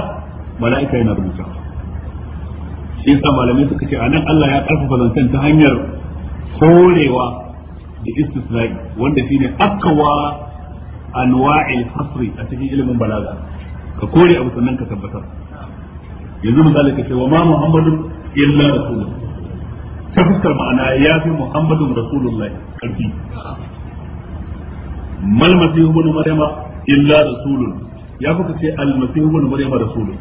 mala'ika yana rubuta shi yasa malamai suka ce anan Allah ya karfafa zancen ta hanyar korewa da istisnai wanda shine akawa anwa'il hasri a cikin ilimin balaga ka kore abu sannan ka tabbatar yanzu misali ka ce wa ma muhammadun illa rasulun ta fuskar ma'ana ya fi muhammadun rasulullahi karfi mal masihu ibn maryama illa rasulun ya fuka ce al masihu ibn maryama rasulun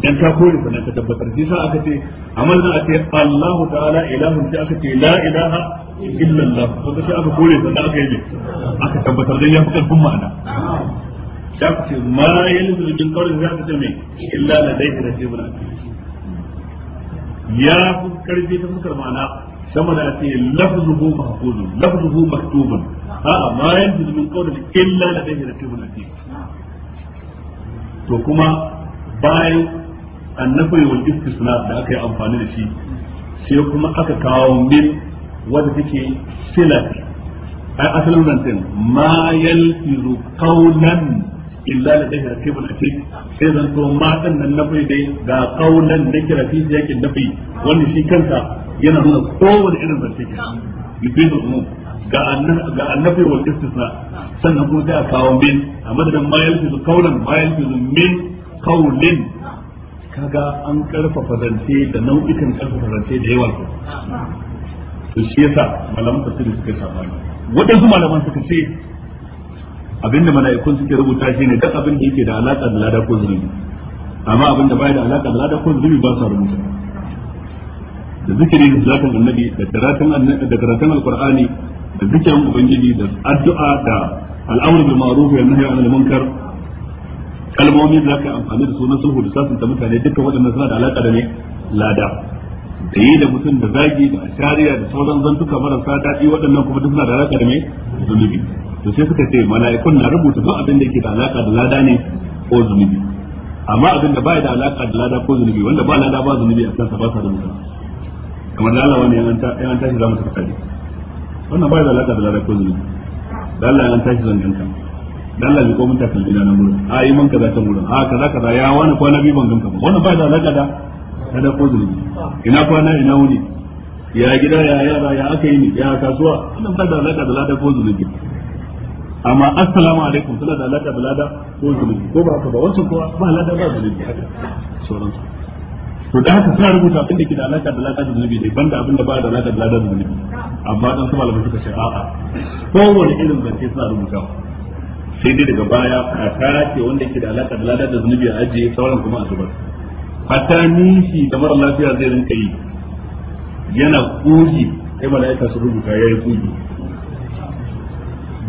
dan ta kore sannan ta tabbatar shi sa aka ce amma zan a ce Allahu ta'ala ilahun sai aka ce la ilaha illa Allah to sai aka kore sannan aka yi aka tabbatar dan ya fi karfin ma'ana da ku ce ma yalzu bil qawli za ka ce me illa ladayka raqibun atid ya fi karfi ta fuskar ma'ana sama da ce lafzuhu mahfuzun lafzuhu maktubun a'a ma yalzu bil qawli illa ladayka raqibun atid to kuma bayan annafi wal istisna da aka yi amfani da shi sai kuma aka kawo min wadda take silat ai asalin zantin ma yalfizu qawlan illa la dahira kibul ati sai zan to ma dan nan nafi dai ga qawlan da kira fi yakin nafi wanda shi kanta yana nuna kowane irin zance ke yubidu umum ga ga annabi wal istisna sannan kuma sai a kawo min a madadin ma yalfizu qawlan ma yalfizu min qawlin kaga an karfafa zance da nau'ikan karfafa zance da yawa ko to shi yasa malaman tafsiri suka bani. wadansu malaman suka ce abinda mala'ikun suke rubuta shi ne duk abin da yake da alaka da lada ko zunubi amma abin da baya da alaka da lada ko zunubi ba sa rubuta da zikirin zakan annabi da karatun annabi da karatun alqur'ani da zikirin ubangiji da addu'a da al'amru bil ma'ruf wa nahyi anil munkar kalmomi da zaka amfani da sunan sulhu da sasanta mutane dukkan waɗannan suna da alaƙa da ne lada da yi da mutum da zagi da ashariya da sauran zantuka marasa daɗi waɗannan kuma duk suna da alaƙa da ne zunubi to sai suka ce mala'ikun na rubuta ba abin da yake da alaƙa da lada ne ko zunubi amma abin da ba da alaƙa da lada ko zunubi wanda ba lada ba zunubi a sa ba sa da mutum kamar da Allah wani yan an tashi za mu tafi wannan ba da alaƙa da lada ko zunubi da Allah yan tashi ganta. da ko bai komin takalmi na nan a yi man kaza can gurin a kaza kaza ya wani kwana biyu ban ganka ba wannan ba da alaka da kada ko zunubi ina kwana ina wuni ya gida ya yara ya aka yi ni ya kasuwa wannan ba da alaka da lada ko zunubi amma assalamu alaikum tana da alaka da lada ko zunubi ko ba haka ba wancan kuwa ba lada ba zunubi haka sauransu to da haka suna rubuta abin da ke da alaka da lada da zunubi ne banda abin da ba da alaka da lada da zunubi amma dan su malamai suka ce a'a kowane irin zance sai rubuta sai dai daga baya a tace wanda yake da alaka da ladar da zunubi a ajiye sauran kuma a zubar hatta nishi da mara lafiya zai rinka yi yana kuji sai mala'ika su rubuta yayi kuji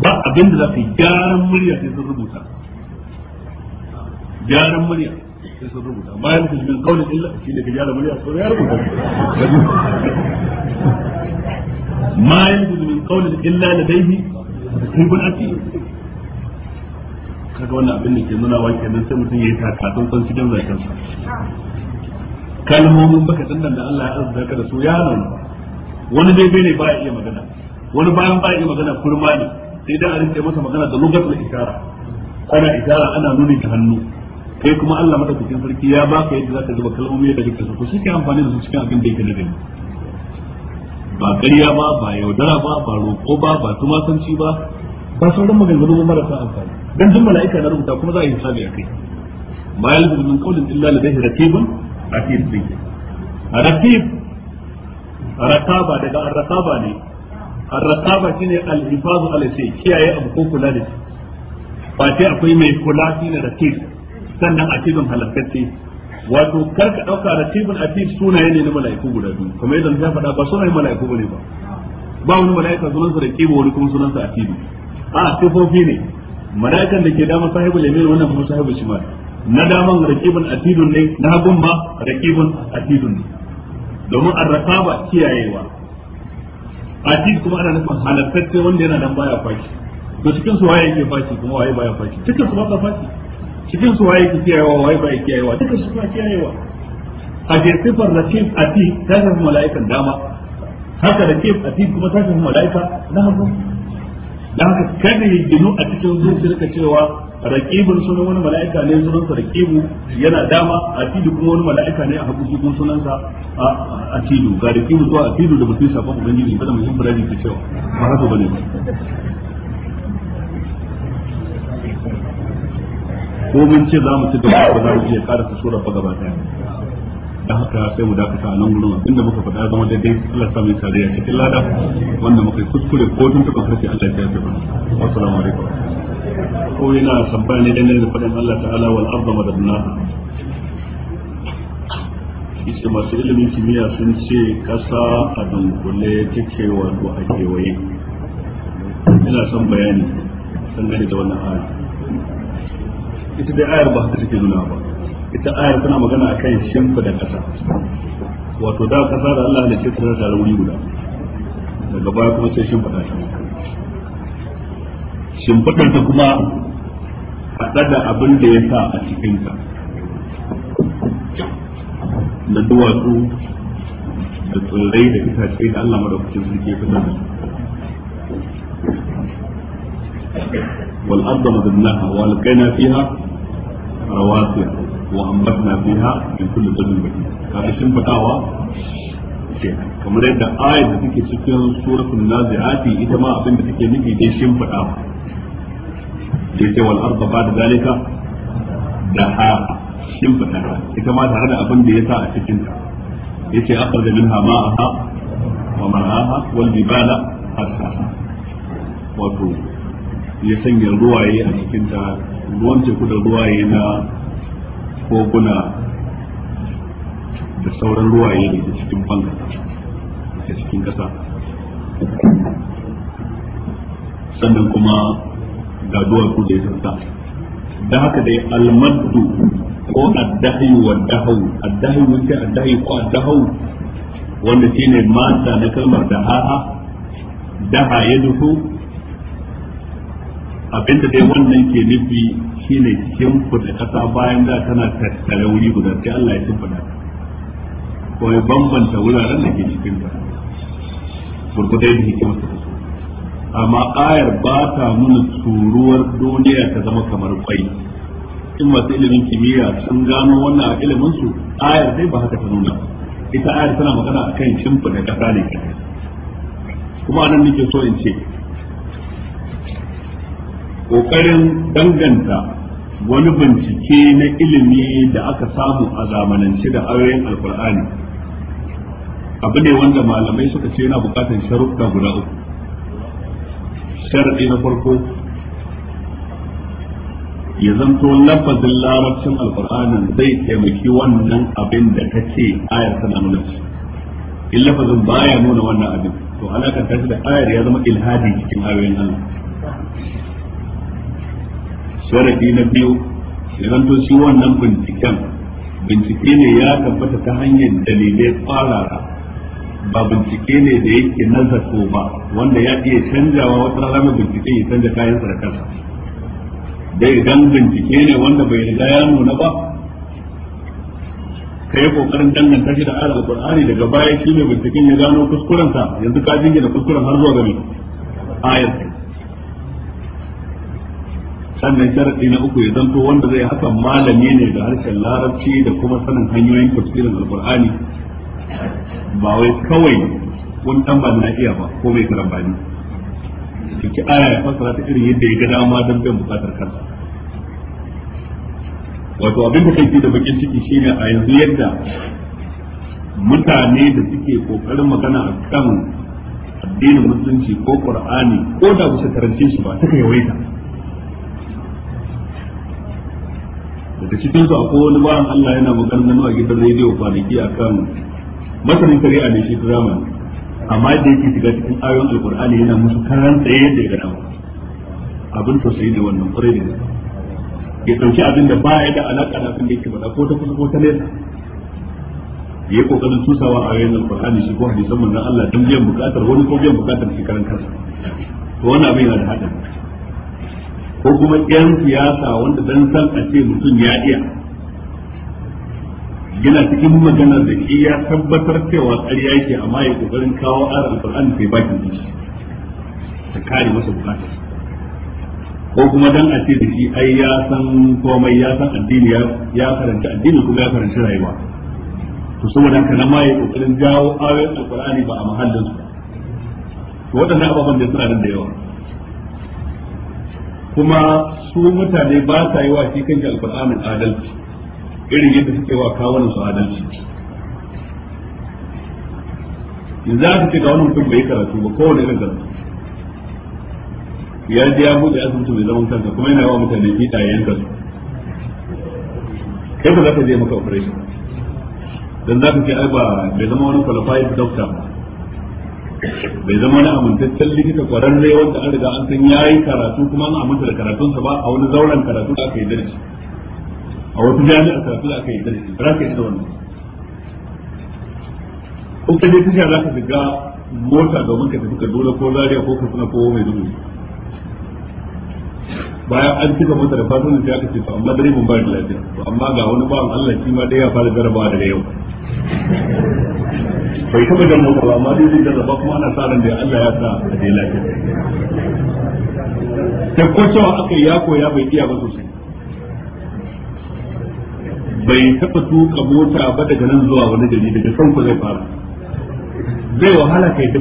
ba abin da za ka yi gyaran murya sai sun rubuta gyaran murya sai sun rubuta bayan ka jibin kaunin illa shi ne ka gyara murya sai ya rubuta ma yanzu min qawlin illa ladayhi kullu atid kaga wannan abin da ke nuna wa kenan sai mutum yayi takatun san cikin zakin sa kalmomin baka dandan da Allah ya azza ka da su ya nan wani dai ne ba iya magana wani bayan ba iya magana kurma ne sai da arin masa magana da lugatul isara ana isara ana nuni da hannu kai kuma Allah madaukakin sarki ya baka yadda zaka zuba kalmomi da dukkan su shi ke amfani da su cikin abin da yake na ba ƙarya ba ba yaudara ba ba roƙo ba ba tumatanci ba ba sauran maganganu ba marasa amfani dan duk mala'ika na rubuta kuma za a yi hisabi a kai ma yalbu min qawlin illa ladayhi raqibun atid din raqib raqaba daga ar ne ar shine al-hifazu ala shay kiyaye abu ko kula da shi ba sai akwai mai kula shine raqib sannan atidun halakkace wato kar ka dauka raqibun atid sunaye ne na mala'iku guda biyu kamar yadda na faɗa ba sunayen mala'iku bane ba ba wani mala'ika sunansa raqibu wani kuma sunansa atidu a sifofi ne mala'ikan da ke dama sahibul yamin wannan kuma sahibul shimal na daman raqibun atidun ne na hagun ma raqibun atidun ne domin arraqaba kiyayewa atid kuma ana nufin halattacce wanda yana nan baya fashi to cikin su waye yake fashi kuma waye baya fashi cikin su ba fashi cikin su waye yake kiyayewa waye baya kiyayewa cikin su ba kiyayewa a je sifar raqib atid ta shafi mala'ikan dama haka raqib atid kuma ta shafi mala'ika na hagun dan haka kada ya gino a cikin zuciyarka cewa raqibun sunan wani mala'ika ne sunan sa raqibu yana dama a atidu kuma wani mala'ika ne a hagu shi kuma sunan sa atidu ga raqibu zuwa atidu da mutum shafa ubangiji ba da mutum birani ta cewa ba haka bane ba ko mun ce za mu ci gaba ba za mu iya karasa sura ba gaba ɗaya da haka sai mu dakata a nan gurin abin da muka faɗa zama daidai Allah sa mai sarari cikin lada wanda muka yi kuskure ko tun tuka harshe Allah ya tafi mana assalamu alaikum ko yana sabbaya ne dangane da faɗin Allah ta'ala wal arda madadna yace masu ilimin kimiyya sun ce kasa a dunkule take wato a kewaye ina son bayani dangane da wannan ayar ita dai ayar ba ta take nuna ba ita ayar tana magana akan shimfida ƙasa, wato da ƙasa da Allah halicce ta da rauni guda daga baya kuma sai shimfida ta shimfidar ta kuma haɗa da abin da ya sa a cikinta na duwatsu da tsirrai da itace da Allah madaukakin sarki ya fitar da والأرض مددناها وألقينا فيها رواسي wa ambatna fiha min kulli dabin baki kaga shin kamar yadda ayat da take cikin suratul naziati ita ma abin da take nufi dai shin fadawa dai ce wal arda ba'da zalika da ha shin fadawa ita ma tare da abin da yasa a cikin ta yace akhraja minha ma'aha wa mar'aha wal jibala asaha wato ya sanya ruwaye a cikin ta ruwan da ruwaye na koguna da sauran ruwaye da ke cikin banka da cikin kasa sannan kuma ga duwatsu da ya sassa da haka dai almaddu ko addahi wa dahu addahi wuce addahi ko addahu wanda shine mata na kalmar da ha'a daha ya dufu abinda dai wannan ke nufi shine cikin kudi ƙasa bayan da tana tattare wuri guda sai Allah ya tabbata ko ya bambanta wuraren da ke cikin ta gurgudai da hikimar ta amma ayar ba ta nuna turuwar duniya ta zama kamar kwai in masu ilimin kimiyya sun gano wannan a ilimin su ayar dai ba haka ta nuna ita ayar tana magana akan shimfiɗa ƙasa ne kuma anan nake so in ce kokarin danganta wani bincike na ilimi da aka samu a zamanance da ayoyin alkur'ani abu ne wanda malamai suka ce yana bukatar sharuɗa guda uku sharaɗi na farko ya zanto lafazin larabcin alkur'ani zai taimaki wannan abin da kake ayar tana nuna shi in lafazin baya nuna wannan abin to alakar ta da ayar ya zama ilhadi cikin ayoyin Allah sharadi na biyu ya zanto shi wannan binciken bincike ne ya tabbata ta hanyar dalilai tsarara ba bincike ne da yake nazarto ba wanda ya iya canjawa wata rana bincike ya canja kayan sarakar da idan bincike ne wanda bai riga ya nuna ba ka yi kokarin danganta shi da ayar alkur'ani daga baya shi ne binciken ya gano kuskurensa yanzu ka jingina kuskuren har zuwa gami ayar sannan sharaɗi na uku ya zanto wanda zai haka malami ne da harshen larabci da kuma sanin hanyoyin tafsirin al'kur'ani ba wai kawai wani dan ba na iya ba ko mai karambani ki aya ya fasara ta irin yadda ya ga dama don bin bukatar kansa wato abin da kai da bakin ciki shine a yanzu yadda mutane da suke kokarin magana a kan addinin musulunci ko qur'ani ko da ba su karance shi ba kai yawaita da cikin su akwai wani bawan Allah yana maganganu a gidan rediyo kwanaki kan masanin shari'a ne shi zamani amma da yake shiga cikin ayoyin alkur'ani yana musu karan tsaye yadda ya gada abin sosai da wannan kwarai da ya ɗauki abin da baya da alaƙa da abin da yake faɗa ko ta kusa ko ta nesa ya yi kokarin tusawa a yayin alkur'ani shi ko hadisan manzon Allah don biyan bukatar wani ko biyan bukatar shi karan kansa to wannan abin yana da haɗari ko kuma yan siyasa wanda dan san a ce mutum ya iya yana cikin magana da shi ya tabbatar cewa tsari yake amma ya kokarin kawo ara ar da sai bakin shi ta kare masa bukata ko kuma dan a ce da shi ai ya san komai ya san addini ya karanta addini kuma ya karanta rayuwa to saboda haka na ma ya kokarin jawo ayoyin alqurani ba a mahallin su waɗannan ababen da suna nan da yawa kuma su mutane ba sa yi wa shi kanshi alqur'anin adalci irin yadda suke wa kawunan su adalci In za su ce ga wani mutum bai karatu ba kowane irin karatu ya ji ya buɗe asibiti mai zaman kansa kuma yana wa mutane fiɗa yankan su kai ba za ka je maka operation dan za ka ce ai ba bai zama wani qualified doctor ba bai zama wani amintaccen likita kwararre wanda an riga an san yayi karatu kuma an aminta da karatunsa ba a wani zauren karatu da aka yi darasi a wata jami'ar karatu da aka yi darasi ba ka yi da wannan ko ka je tasha za ka shiga mota domin ka tafi ka Kaduna ko Zaria ko Katsina ko mai dubu bayan an cika mota da fatan sai aka ce to amma mun ba da lafiya to amma ga wani bawan Allah shi ma dai ya fara jarabawa daga yau bai taba jan mutu amma dai zai ba kuma ana sa ran da Allah ya sa a dai lafiya ta ko cewa aka ya koya bai iya ba sosai bai taba tuka mota ba daga nan zuwa wani gari daga san ku zai fara zai wahala kai da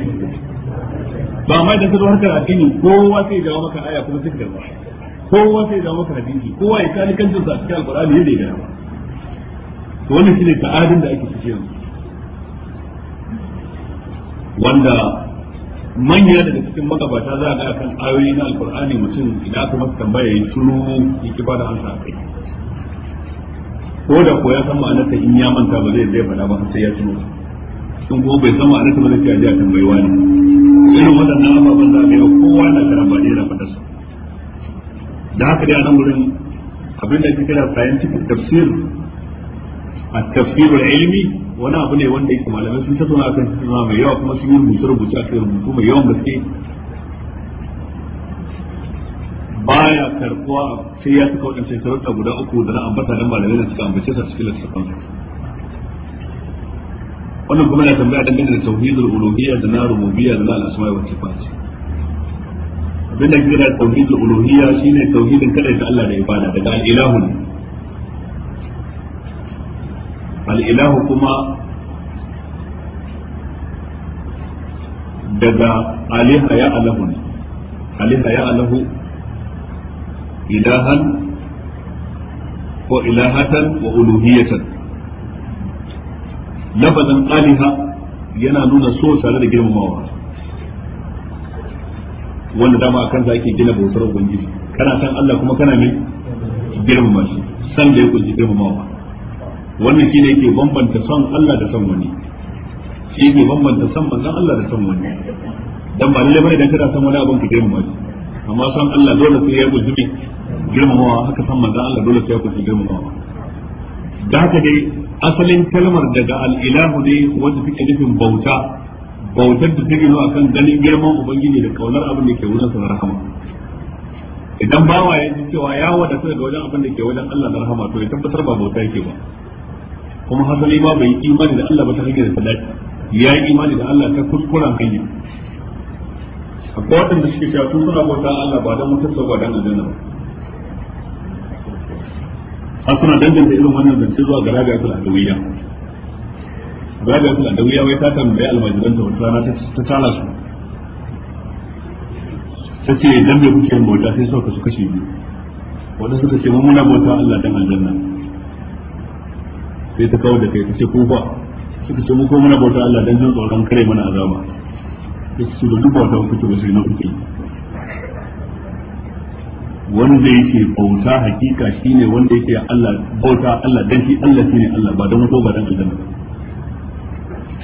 ba mai da zuwa harkar addini kowa sai ya maka aya kuma sai ka kowa sai ya maka hadisi kowa ya kani kan jinsa cikin alqur'ani yadda ya gaba to wannan shine ta'adin da ake ciki yanzu wanda manya daga cikin magabata za a ga akan ayoyi na alkur'ani mutum idan aka masa tambaya ya tuno ya ki da ansa a kai ko da ko ya san ta in ya manta ba zai zai faɗa ba sai ya tuno sun kuma bai san ta ba zai ji a tambayi wani irin waɗannan ababen za a ga kowa na karamba ne na faɗarsa da haka dai a nan wurin abinda da ake kira scientific tafsir التفسير العلمي wani abu ne wanda yake malamai sun tattauna akan tattauna mai yawa kuma sun yi rubuce rubuce akan rubutu mai yawan gaske baya karkuwa sai ya suka wadancan sharuɗa guda uku da na ambata dan malamai da suka ambace sa cikin littafin wannan kuma na tambaya dangane da tauhidul uluhiyya da na da kira da tauhidul uluhiyya shine tauhidin kadai da Allah da ibada daga al-ilahu al'ilahu kuma daga aliha ya alahu ne aliha alahu ilahan ko ilahatan wa uluhiyatan lafazin aliha yana nuna so tare da girmamawa wanda dama a kansa ake gina bautar ubangiji kana san Allah kuma kana ne girmama shi san da ya kunshi girmamawa wannan shine yake bambanta son Allah da son wani shi yake bambanta son manzon Allah da son wani dan ba lalle bane dan kada son wani abin ka girmama shi amma son Allah dole sai ya guji bi girmamawa haka son manzon Allah dole sai ya guji girmamawa da haka dai asalin kalmar daga al-ilahu ne wanda take nufin bauta bautar da take nuna kan ganin girman ubangiji da kaunar abin da ke wurin sa rahama idan bawa ya ji cewa ya wadata daga wajen abin da ke wajen Allah na rahama to ya tabbatar ba bauta yake ba kuma hasali ma bai yi imani da Allah ba ta hanyar salati ya yi imani da Allah ta kuskuren hanya akwai waɗanda suke cewa su suna bauta Allah ba don mutum ba don aljanna ba har suna danganta irin wannan zance zuwa ga rabi'atul adawiyya rabi'atul adawiyya wai ta tambaye almajiran ta wata rana ta tala su ta ce dan me kuke bauta sai suka su kashe biyu wanda suka ce mun muna bauta Allah dan aljanna sai ta kawo da kai ta ce ko ba suka ce muku mana muna bauta Allah dan jin tsoron kare mana azaba sai su da duk bauta kuke ba sai na kuke wanda yake bauta hakika shine wanda yake Allah bauta Allah dan shi Allah shine Allah ba dan wato ba dan aljanna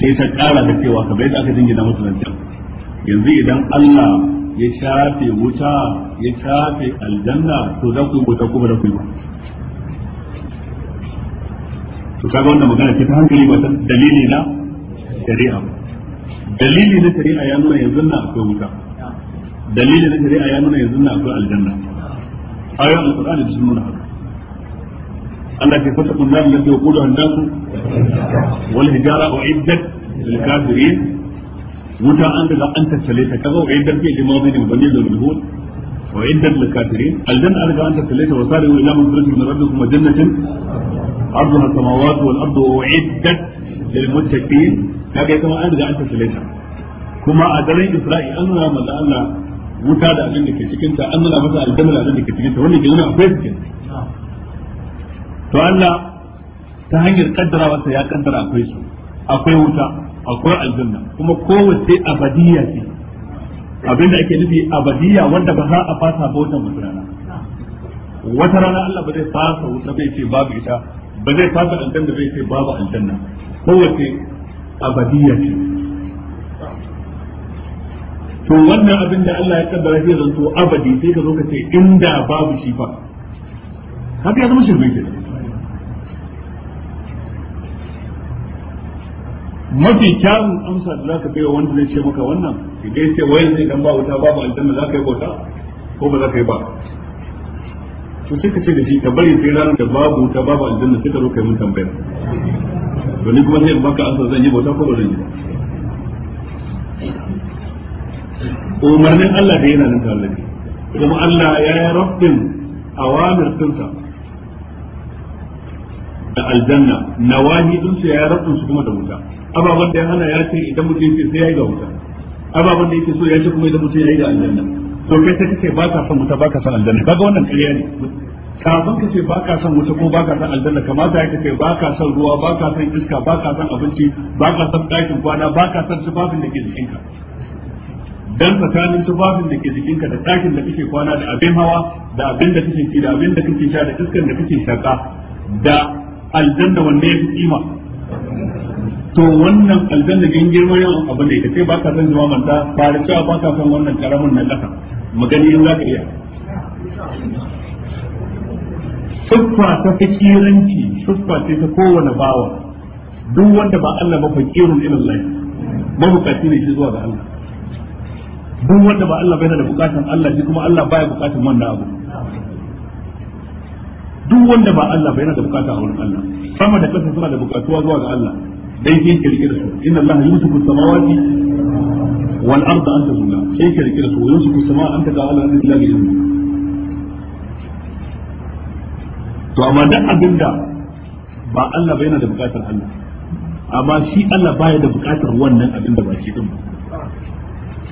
sai ta kara da cewa kamar yadda aka dingina musu nan yanzu idan Allah ya shafe wuta ya shafe aljanna to za ku yi bauta kuma da ku yi ba to kaga wannan magana ce ta hankali ba ta dalili na shari'a ba dalili na shari'a ya nuna yanzu na akwai wuta dalili na shari'a ya nuna yanzu na akwai aljanna ayoyin alqur'ani da sun haka Allah ke fata kun zamu yake kudu hannasu wal hijara uiddat lil kafirin wuta an daga an tattale ta kaga uiddat ke limamin da bane da ruhul وعدة للكافرين الجنة أرجع أن تتليت وصاروا إلى من فرش من ربكم وجنة أرضها السماوات والأرض وعدت للمتكين هذا كما أرجع أن تتليت كما أدري إسرائيل أن لا مدى أن لا متادة لنك شكنت أن لا مدى الجمل لنك شكنت وني جنة أفيدك فأن لا تهنجر قدرة وسيا قدرة أفيدك أفيدك أقرأ الجنة كما قوة أبدية abinda ake nufi abadiya wanda ba za a fasa ba wata rana wata rana Allah ba zai fasa wuta bai ce babu ita ba zai fasa aljanna bai ce babu aljanna kowace abadiya ce to wannan abin da Allah ya kaddara shi zanto abadi sai ka zo ka ce inda babu shi fa haka ya zama shirme ke mafi kyawun amsa da zaka bai wanda zai ce maka wannan shiga ya ce sai zai dan ba wuta babu aljanna za ka yi bauta ko ba za ka yi ba to sai ka ce da shi ka bari sai ranar da babu wuta babu aljanna sai ka zo mun tambaya to ni kuma sai in baka ansa zan yi bauta ko ba zan yi ba umarnin Allah da yana nan tare da kuma Allah ya yi rabbin awamir tunsa da aljanna nawahi din su ya rabbin su kuma da wuta ababan da ya hana ya ce idan mutum ce sai ya yi ga wuta ababen da yake so ya ce kuma idan mutum ya yi da aljanna to kai sai kake ba ka son wuta ba ka son aljanna kaga wannan ƙarya ne kafin ka ce ba ka son wuta ko ba ka son aljanna kamata ya kace ba ka son ruwa ba ka son iska ba ka son abinci ba ka son ɗakin kwana ba ka son tufafin da ke jikinka dan tsakanin tufafin da ke jikinka da ɗakin da kake kwana da abin hawa da abin da kake ci da abin da kake sha da iskan da kake shaka da aljanna wanne ya fi kima to wannan aljanna gan girma yawan abu ne kace ba ka san zama manta ba da cewa ba ka san wannan karamin na kasa magani in ka iya suffa ta fakiranci suffa ce ta kowane bawa duk wanda ba Allah ba fakirun ila Allah mabukaci ne shi zuwa ga Allah duk wanda ba Allah bai da bukatun Allah shi kuma Allah baya bukatun wannan abu duk wanda ba Allah bai da bukatun Allah sama da kasa suna da bukatuwa zuwa ga Allah Dai sai dan kin kirkira su inna allaha yumsiku samawati wal arda an tazula sai kirkira su yumsiku samawati an tazula an tazula bi izni to amma dan abinda ba Allah bai yana da bukatar Allah amma shi Allah baya da bukatar wannan abin da ba shi din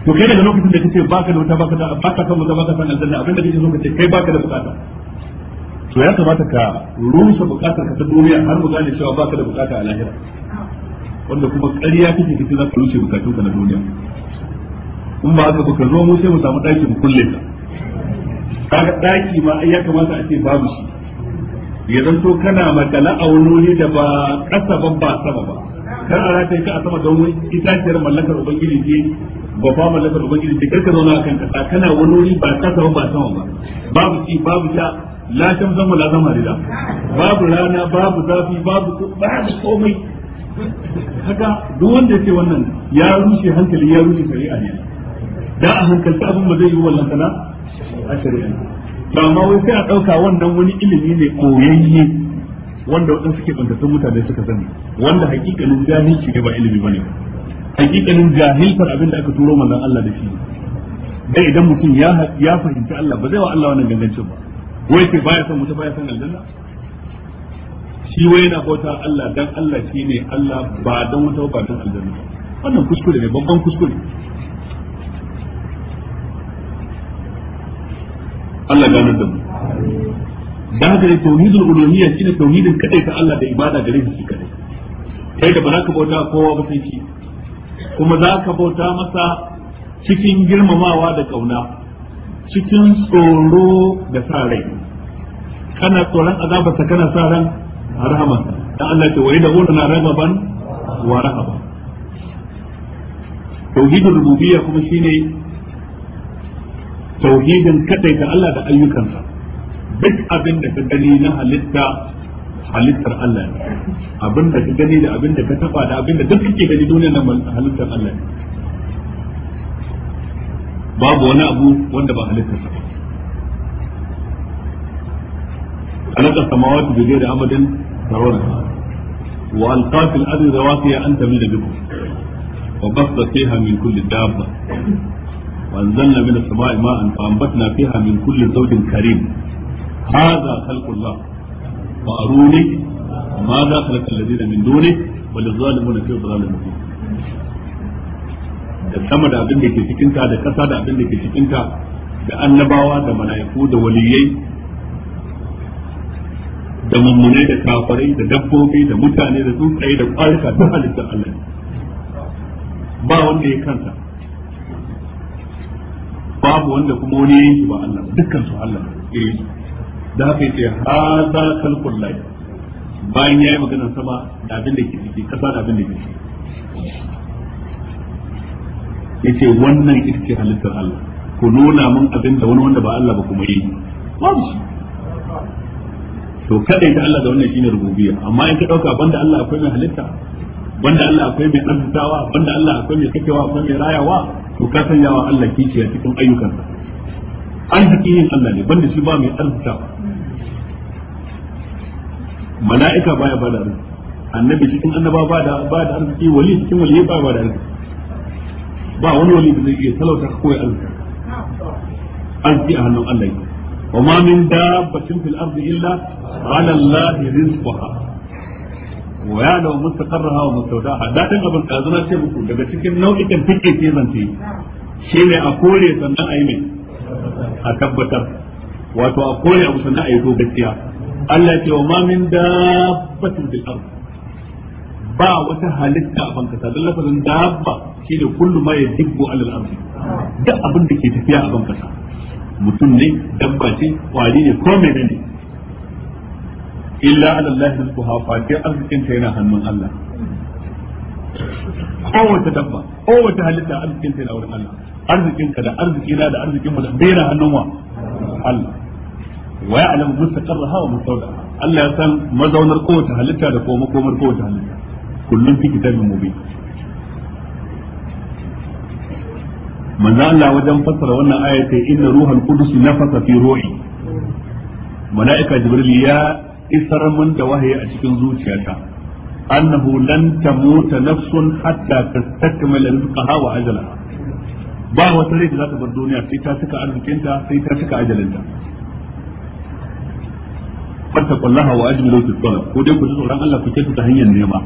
to kai daga lokacin da kace baka da wata baka da baka san wuta baka san aljanna abinda kake so kace kai baka da bukata to ya kamata ka rusa bukatar ka ta duniya har mu gane cewa baka da bukata a lahira wanda kuma ƙarya kake kake za ka rushe bukatun ka na duniya in ba haka ka zo mu sai mu samu ɗaki mu kulle ka kaga ɗaki ma ai ya kamata a ce babu shi ya zan to kana makala a wani wuri da ba ƙasa ba ba sama ba kar a rataye ka a sama don wani itaciyar mallakar ubangiji ke ba fa mallakar ubangiji ke kar ka zauna a kan ƙasa kana wani wuri ba ƙasa ba ba sama ba babu shi babu sha la shamsan la zamarida babu rana babu zafi babu babu komai kaga duk wanda yake wannan ya rushe hankali ya rushe shari'a ne da a hankalta abin ba zai yi wallan kana a shari'a to amma wai sai a dauka wannan wani ilimi ne koyayye wanda wadansu ke bantattun mutane suka sani wanda hakikanin jahilci ne ba ilimi bane hakikanin jahiltar abin da aka turo manzon Allah da shi dai idan mutum ya ya fahimci Allah ba zai wa Allah wannan gangancin ba wai sai baya son mutum baya son aljanna shi wai yana bauta Allah dan Allah shi ne Allah ba dan wata ba dan aljanna wannan kuskure ne babban kuskure Allah gano da mu da haka ne tauhidul uluhiyya shine tauhidin kadai ta Allah da ibada gare shi kadai kai da ba za ka bauta kowa ba sai shi kuma za ka bauta masa cikin girmamawa da kauna cikin tsoro da sa rai kana tsoron azabarsa kana sa ran rahaman dan Allah ce wai da na ragaban wa rahaba tauhidin rububiyya kuma shine tauhidin kadai da Allah da ayyukansa duk abin da ka gani na halitta halittar Allah ne abin da ka gani da abin da ka taba da abin da duk kake gani duniyar nan halittar Allah ne babu wani abu wanda ba halittar sa ba alaƙar samawati da da amadin ترونها وألقى في الأرض رواسي أن تميد بكم وبث فيها من كل دابة وأنزلنا من السماء ماء فأنبتنا فيها من كل زوج كريم هذا خلق الله فأروني ماذا خلق الذين من دونه وللظالمون في ضلال مبين da sama da abin da ke cikinta da kasa da abin da ke cikinta da annabawa da mala'iku da waliyai da mummunai da kafarai da dabbobi da mutane da tsuntsaye da kwarika da halittar Allah ba wanda ya kansa babu wanda kuma wani yin ba Allah dukkan su Allah eh da haka yace hadha khalqul lahi bayan yayi maganar sama da abin da ke ciki kasa da abin da ke ciki yace wannan ita ce halittar Allah ku nuna mun abin da wani wanda ba Allah ba kuma yi babu to kadai ta Allah da wannan shine rububiyya amma in ka dauka banda Allah akwai mai halitta banda Allah akwai mai arzikawa banda Allah akwai mai kakewa akwai mai rayawa to ka sanya wa Allah kiciya cikin ayyukansa arziki yin Allah ne banda shi ba mai arzikawa mala'ika baya ba da arziki annabi cikin annaba ba da ba da arziki wali cikin wali ba ba da arziki ba wani wali da zai iya talauta ko ya arzika arziki a hannun Allah yake وما من دابة في الأرض إلا على الله رزقها ويعلم مستقرها ومستودعها لا تنقب القاذنة شيء مكو لقد تكن نوع كان فكي في ذنتي شيء أقول يسنى أيمن أكبتر واتو أقول أبو سنى أيضو بكتيا التي وما من دابة في الأرض ba wata halitta a bankasa don lafazin dabba shi ne kullum ma ya dibbo alal arzi duk abin da ke tafiya a bankasa mutum ne dabba ce kwari ne ko menene illa ala Allah rizquha fa dai arzikin ta yana hannun Allah kowace dabba kowace halitta arzikin ta yana wurin Allah arzikin ka da arziki da arzikin mu da bai hannun wa Allah wa ya'lamu mustaqarraha wa mustawdaha Allah ya san mazaunar kowace halitta da kuma komar kowace halitta kullum fi kitabin mubin manzo Allah wajen fassara wannan aya sai inna ruhal qudus nafasa fi ruhi malaika jibril ya isar mun da wahayi a cikin zuciyata annahu lan tamuta nafsun hatta tastakmila rizqaha wa ajalaha ba wata rai da za ta bar duniya sai ta cika arzikinta sai ta cika ajalinta fattakullaha wa ajmilu fi talab ko dai ku ji tsoron Allah ku ta hanyar nema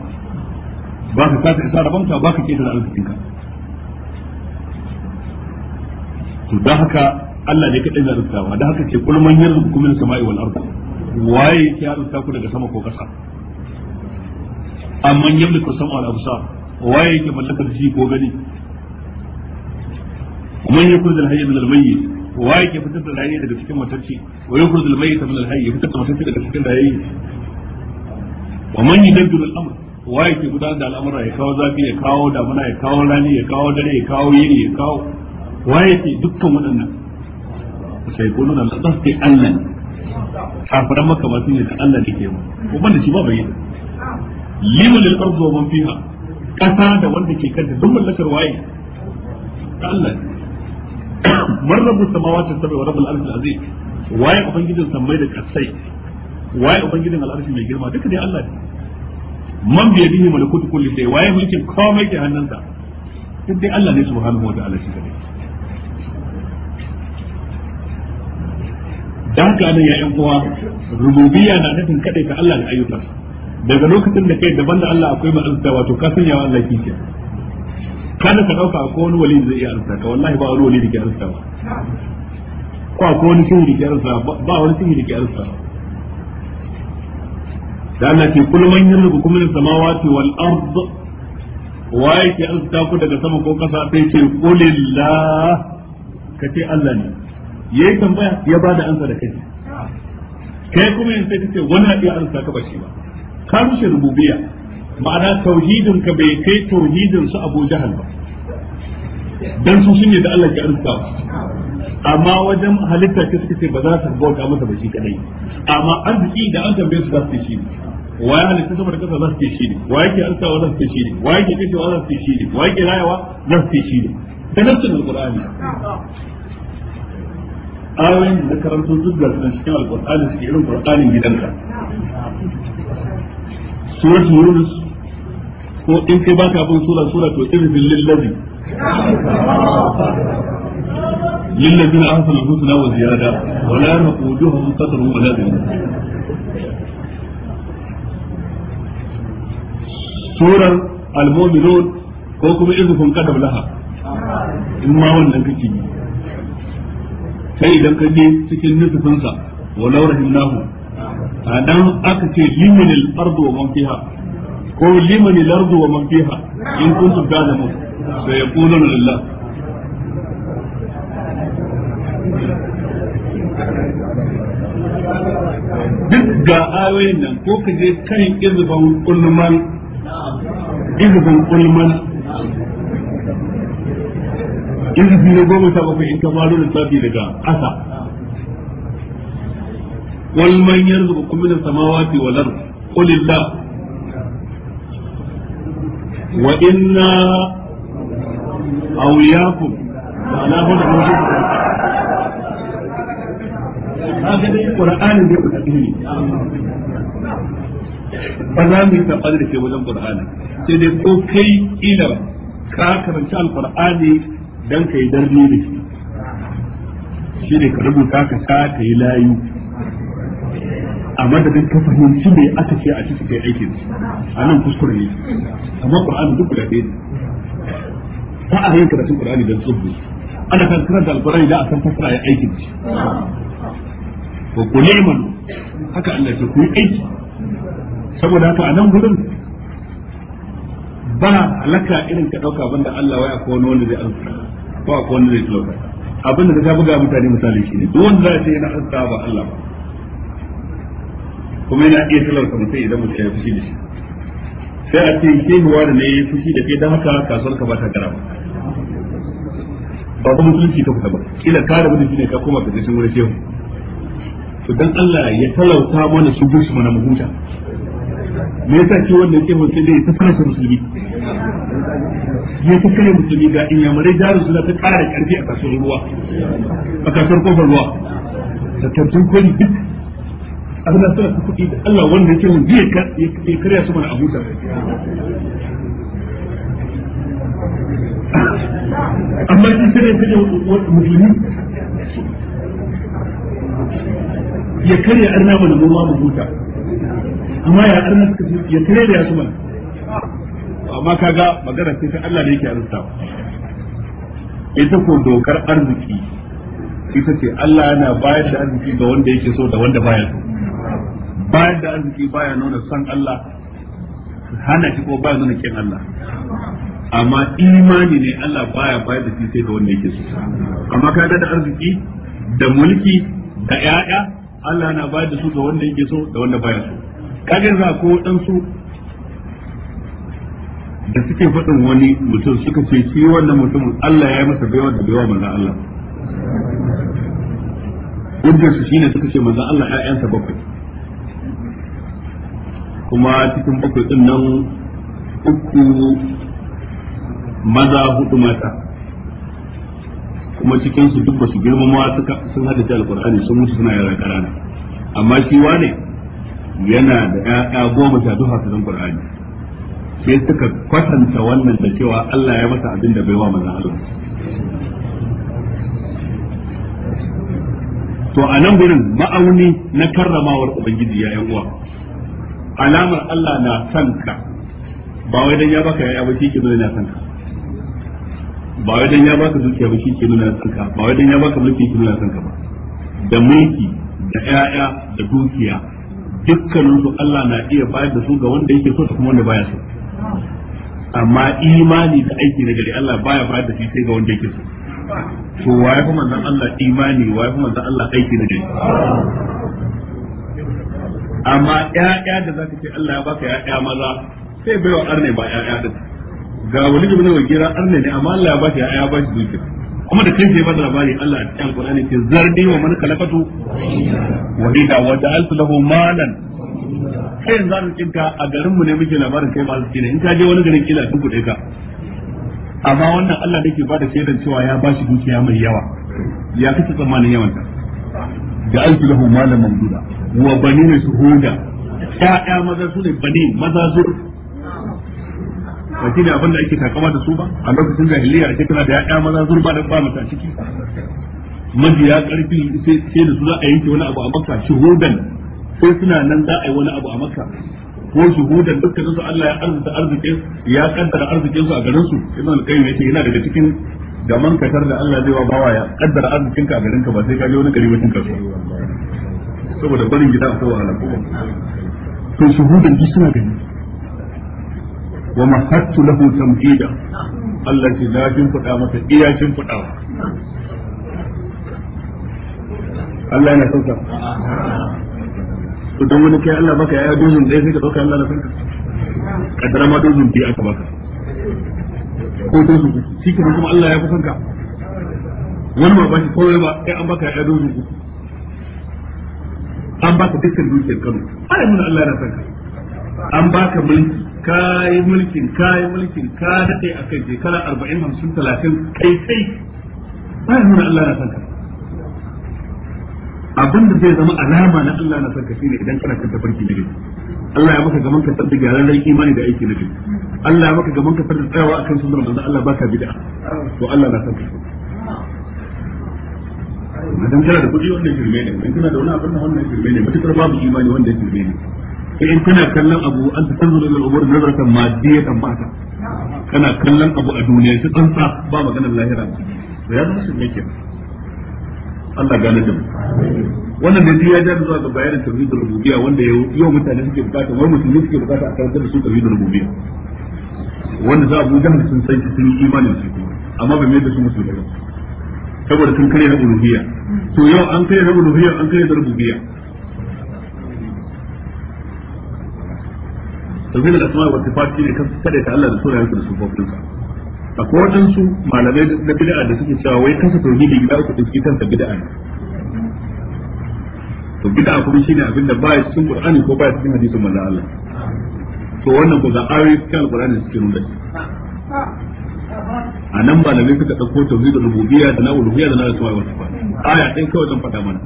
ba ka kasa isa rabonka ba ka da arzikinka to don haka Allah ne kadai na rubutawa don haka ce kulman yin yarzuqukum min samai wal ard waye ke ya rubuta ku daga sama ko ƙasa. yin da yamliku sam'a wal absar waye ke mallakar ji ko gani man yi al hayy min almayyi waye ke fitar da rayi daga cikin matacce wa yakul al ta min al ya fitar da matacce daga cikin rayi wa man yi al amr waye ke gudanar da al'amura ya kawo zafi ya kawo damuna ya kawo rani ya kawo dare ya kawo yini ya kawo waye ce dukkan waɗannan sai kullu da Allah sai Allah ne, kafiran maka ba sun yadda Allah ne ke ko kuma da shi ba bai liman lil ardu wa man fiha kasa da wanda ke kanta duk mallakar waye ta Allah man rabbus samawati sabai wa rabbul arshil azim waye ubangijin sammai da kasai waye ubangijin al'arshi mai girma duka dai Allah ne man bi yadihi malakutu kulli shay waye mulkin komai ke hannunsa duk dai Allah ne subhanahu wa ta'ala shi kadai da haka anan ya yan uwa rububiyya na nufin kadai ta Allah da ayyukan daga lokacin da kai daban da Allah akwai mai azza wato ka sanya wa Allah kishiya kada ka dauka ko wani wali zai iya azza ka wallahi ba wani wali da ke azza ba ko ko wani sihiri da ke azza ba wani sihiri da ke azza ba da Allah ke kulman yarzuku kuma min samawati wal ard wa yake azza ku daga sama ko kasa sai ce qulillah kace Allah ne yayi tambaya ya ba da ansa da kai kai kuma yanzu sai ta ce wani na iya ansa ka bashi ba ka rushe rububiya. ma'ana tauhidin ka bai kai tauhidin su Abu Jahal ba dan su shine da Allah ke arzuta amma wajen halitta ta suka ce ba za su bauta masa ba shi kadai amma arziki da an tambaye su za su shi wa ya halitta sama da kasa za su shi ne wa yake alkawa za su shi ne wa ke kashewa za su shi ne wa yake rayawa za su shi ne da nafsin alqur'ani ayoyin da karanto duk da su cikin alqur'ani su irin qur'anin gidanka suratul yunus ko in kai baka bin sura sura to irzil lillazi للذين أحسنوا الحسنى وزيادة ولا يرهق وجوههم قتر ولا ذلة سورة المؤمنون ko kuma izu kadab laha in ma wannan kake yi kai idan ka je cikin nutfin sa walau rahimnahu dan aka ce liman al-ard wa man fiha ko liman al-ard wa man fiha in kuntum ta'lamun sai yaquluna lillah duk ga ayoyin nan ko ka je kan izban ulman izban ulman izifi fiye goma sha bakwai in ka faro lissafi daga ƙasa wal man yarzuqukum min as-samawati wal ard qul illah wa inna awliyakum ala hudu haka dai qur'anin dai ku tafi ba za mu yi tabbata da ke wajen qur'ani sai dai ko kai ila ka karanta Al-Qur'ani? dan kai darni da shi shi ne ka rubuta ka sa ka yi layu a madadin ka fahimci me aka ce a cikin kai aikin su a nan kuskure ne amma qur'ani duk guda ɗaya ne ba a yin karatun qur'ani don tsubbu ana kan karanta alƙur'ani da a san fasara ya aikin shi ko kuliman haka Allah ya ku yi aiki saboda haka a nan gudun ba halaka irin ka ɗauka banda Allah waya ko wani wanda zai alfara ko akwai wanda zai talauta abin da ta buga mutane misali ne duk wanda za a ce yana hasta ba Allah ba kuma yana iya talauta mutum idan mutum ya fushi da shi sai a ce ke ruwa da ne ya fushi da ke don haka kasuwar ka ba ta gara ba ba musulunci ka fita ba kila ka rabu shi ne ka koma ka cikin wurin shehu to dan Allah ya talauta mana su gushi mana mu huta me yasa ce wannan shehu sai dai ta fara musulmi ya kuka kare musulmi ga inyamurai jarin suna ta ƙara karfi a kasuwar ruwa a kasuwar kofar ruwa da tattun kwari duk abin da suna ta kuɗi da Allah wanda yake mun biye ya karya su mana a hutar amma shi sai ya musulmi ya karya arna mana mu ma mu huta amma ya arna ya karya da ya su mana amma kaga magana sai ta Allah ne yake arzuta ita ko dokar arziki ita ce Allah yana bayar da arziki ga wanda yake so da wanda baya so bayar da arziki baya nuna san Allah hana shi ko baya nuna kin Allah amma imani ne Allah baya bayar da shi sai ga wanda yake so amma kaga da arziki da mulki da ƴaƴa Allah na bayar da su ga wanda yake so da wanda baya so kaga za ko dan su da suke faɗin wani mutum suka ce shi wannan mutum Allah ya masa baiwa da baiwa manzan Allah hujjar su shine suka ce manzan Allah ƴaƴansa bakwai kuma cikin bakwai din nan uku maza hudu mata kuma cikin su duk basu girmama suka sun hada da alqur'ani sun mutu suna yara karana amma shi wane yana da ƴaƴa goma sha duka kan qur'ani sai suka kwatanta wannan da cewa Allah ya masa abin da bai wa manzon Allah to a nan gurin ma'auni na karramawar ubangiji ya yan uwa alamar Allah na son ka ba wai dan ya baka yaya ba shi ke nuna son ka ba wai dan ya baka dukiya ba shi ke nuna son ka ba wai dan ya baka mulki ke nuna son ka ba da mulki da yaya da dukiya dukkanin su Allah na iya bayar da su ga wanda yake so da kuma wanda baya so amma imani da aiki na gari Allah baya bayar da shi sai ga wanda yake so to wa ya fi Allah imani wa ya fi Allah aiki na gari amma ƴaƴa da zaka ce Allah ya baka ƴaƴa maza sai bai wa arne ba ƴaƴa da ga wani ibn wajira arne ne amma Allah ya baka ƴaƴa ba shi dukiya kuma da kanke ba da labari Allah a cikin Qur'ani ke zardi wa man kalafatu wa hida wa ja'altu lahu malan sai yanzu arzikin ka a garin mu ne muke labarin kai ba su ne in ka je wani garin kila duk kuɗe ka amma wannan Allah da ke ba da shaidan cewa ya ba shi dukiya mai yawa ya kace tsammanin yawan ta da alfi lahu malam mamduda wa banina shuhuda ya'ya maza su ne bani maza su ba shi abin da ake takama da su ba a lokacin jahiliya ake tana da ya'ya maza zurba da ba mata ciki majiya karfi sai da su za a yanke wani abu a makka shuhudan sai suna nan za a yi wani abu a makka ko shuhudan dukkanin su Allah ya arzuta arzikin ya kaddara arzikin su a garin su ibn al-qayyim yace yana daga cikin gaman katar da Allah zai wa bawa ya kaddara arzikin ka a garin ka ba sai ka je wani gari ka kasuwa saboda barin gida a ko wahala ko to shuhudan duk suna gani wa mahattu lahu tamhida Allah ce na jin fada masa iya jin fadawa Allah yana sauka to wani kai Allah baka yaya dozin ɗaya sai ka ɗauka Allah na sanka kaddara ma dozin biyu aka baka ko dozin uku shi kenan kuma Allah ya fi sanka wani ba bashi kowai ba sai an baka yaya dozin uku an baka dukkan dukiyar Kano ai mun Allah na sanka an baka mulki kayi mulkin kayi mulkin ka dade akai shekara 40 50 30 kai kai ai mun Allah na sanka abin da zai zama alama na Allah na sarka shine idan kana kanta tafarki na gari Allah ya maka gaman ka sarda gyaran imani da aiki na gari Allah ya maka gaman ka sarda tsayawa akan sunnar manzon Allah baka bid'a to Allah na sarka idan kana da kuɗi wannan shirme ne idan kana da wani abin wannan shirme ne mutukar babu imani wanda shirme ne in kana kallon abu an ta tanzuru ila al-umur nazaratan madiyatan ba'da kana kallon abu a duniya shi tsantsa ba maganar lahira ba ya zama shirme kenan Allah gane da mu wannan da ya ja zuwa ga bayanin tauhidul rububiyya wanda yau mutane suke bukata wai musulmi suke bukata a karantar da su tauhidul rububiyya wanda za a bu jahar sun san sun yi imanin su amma bai mai da su musulmi ba saboda sun kare na uluhiyya to yau an kare na uluhiyya an kare da rububiyya tauhidul asma wa sifat shine kan kada ta Allah da sunayensa da sufofinsa akwai waɗansu malamai na bid'a da suke cewa wai kasa tauhidi gida uku da shi kansa bid'a ne to bid'a kuma shine abin da ya cikin qur'ani ko ya cikin hadisin manzon Allah to wannan ko a yi cikin alqur'ani suke nuna shi a nan malamai suka ɗauko tauhidul rububiyya da na uluhiyya da na asma'i wa sifat aya ɗin kawai zan faɗa mana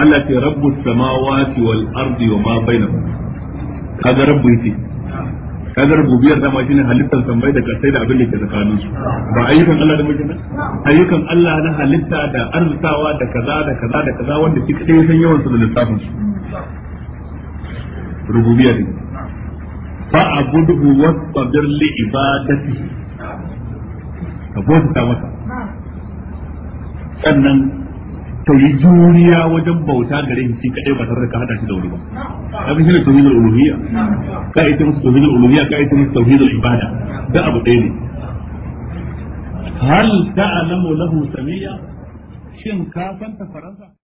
Allah ce rabbus samawati wal ardi wa ma bainahuma kaga rabbu yake kaga rububiyar dama shine halittar da kasai da abin da ke tsakanin su ba ayyukan Allah da mutum ayyukan Allah na halitta da arzikawa da kaza da kaza da kaza wanda shi kadai san yawan su da lissafin su rububiyar din fa abudu wa sabir li ibadati ka bauta masa sannan ka yi juriya wajen bauta gare shi kadai ba tare da ka hada shi da wani ba abin shi ne tauhidul uluhiyya ka yi musu tauhidul uluhiyya ka yi musu tauhidul ibada da abu ɗaya ne hal ta'lamu lahu samiyya shin ka ta faransa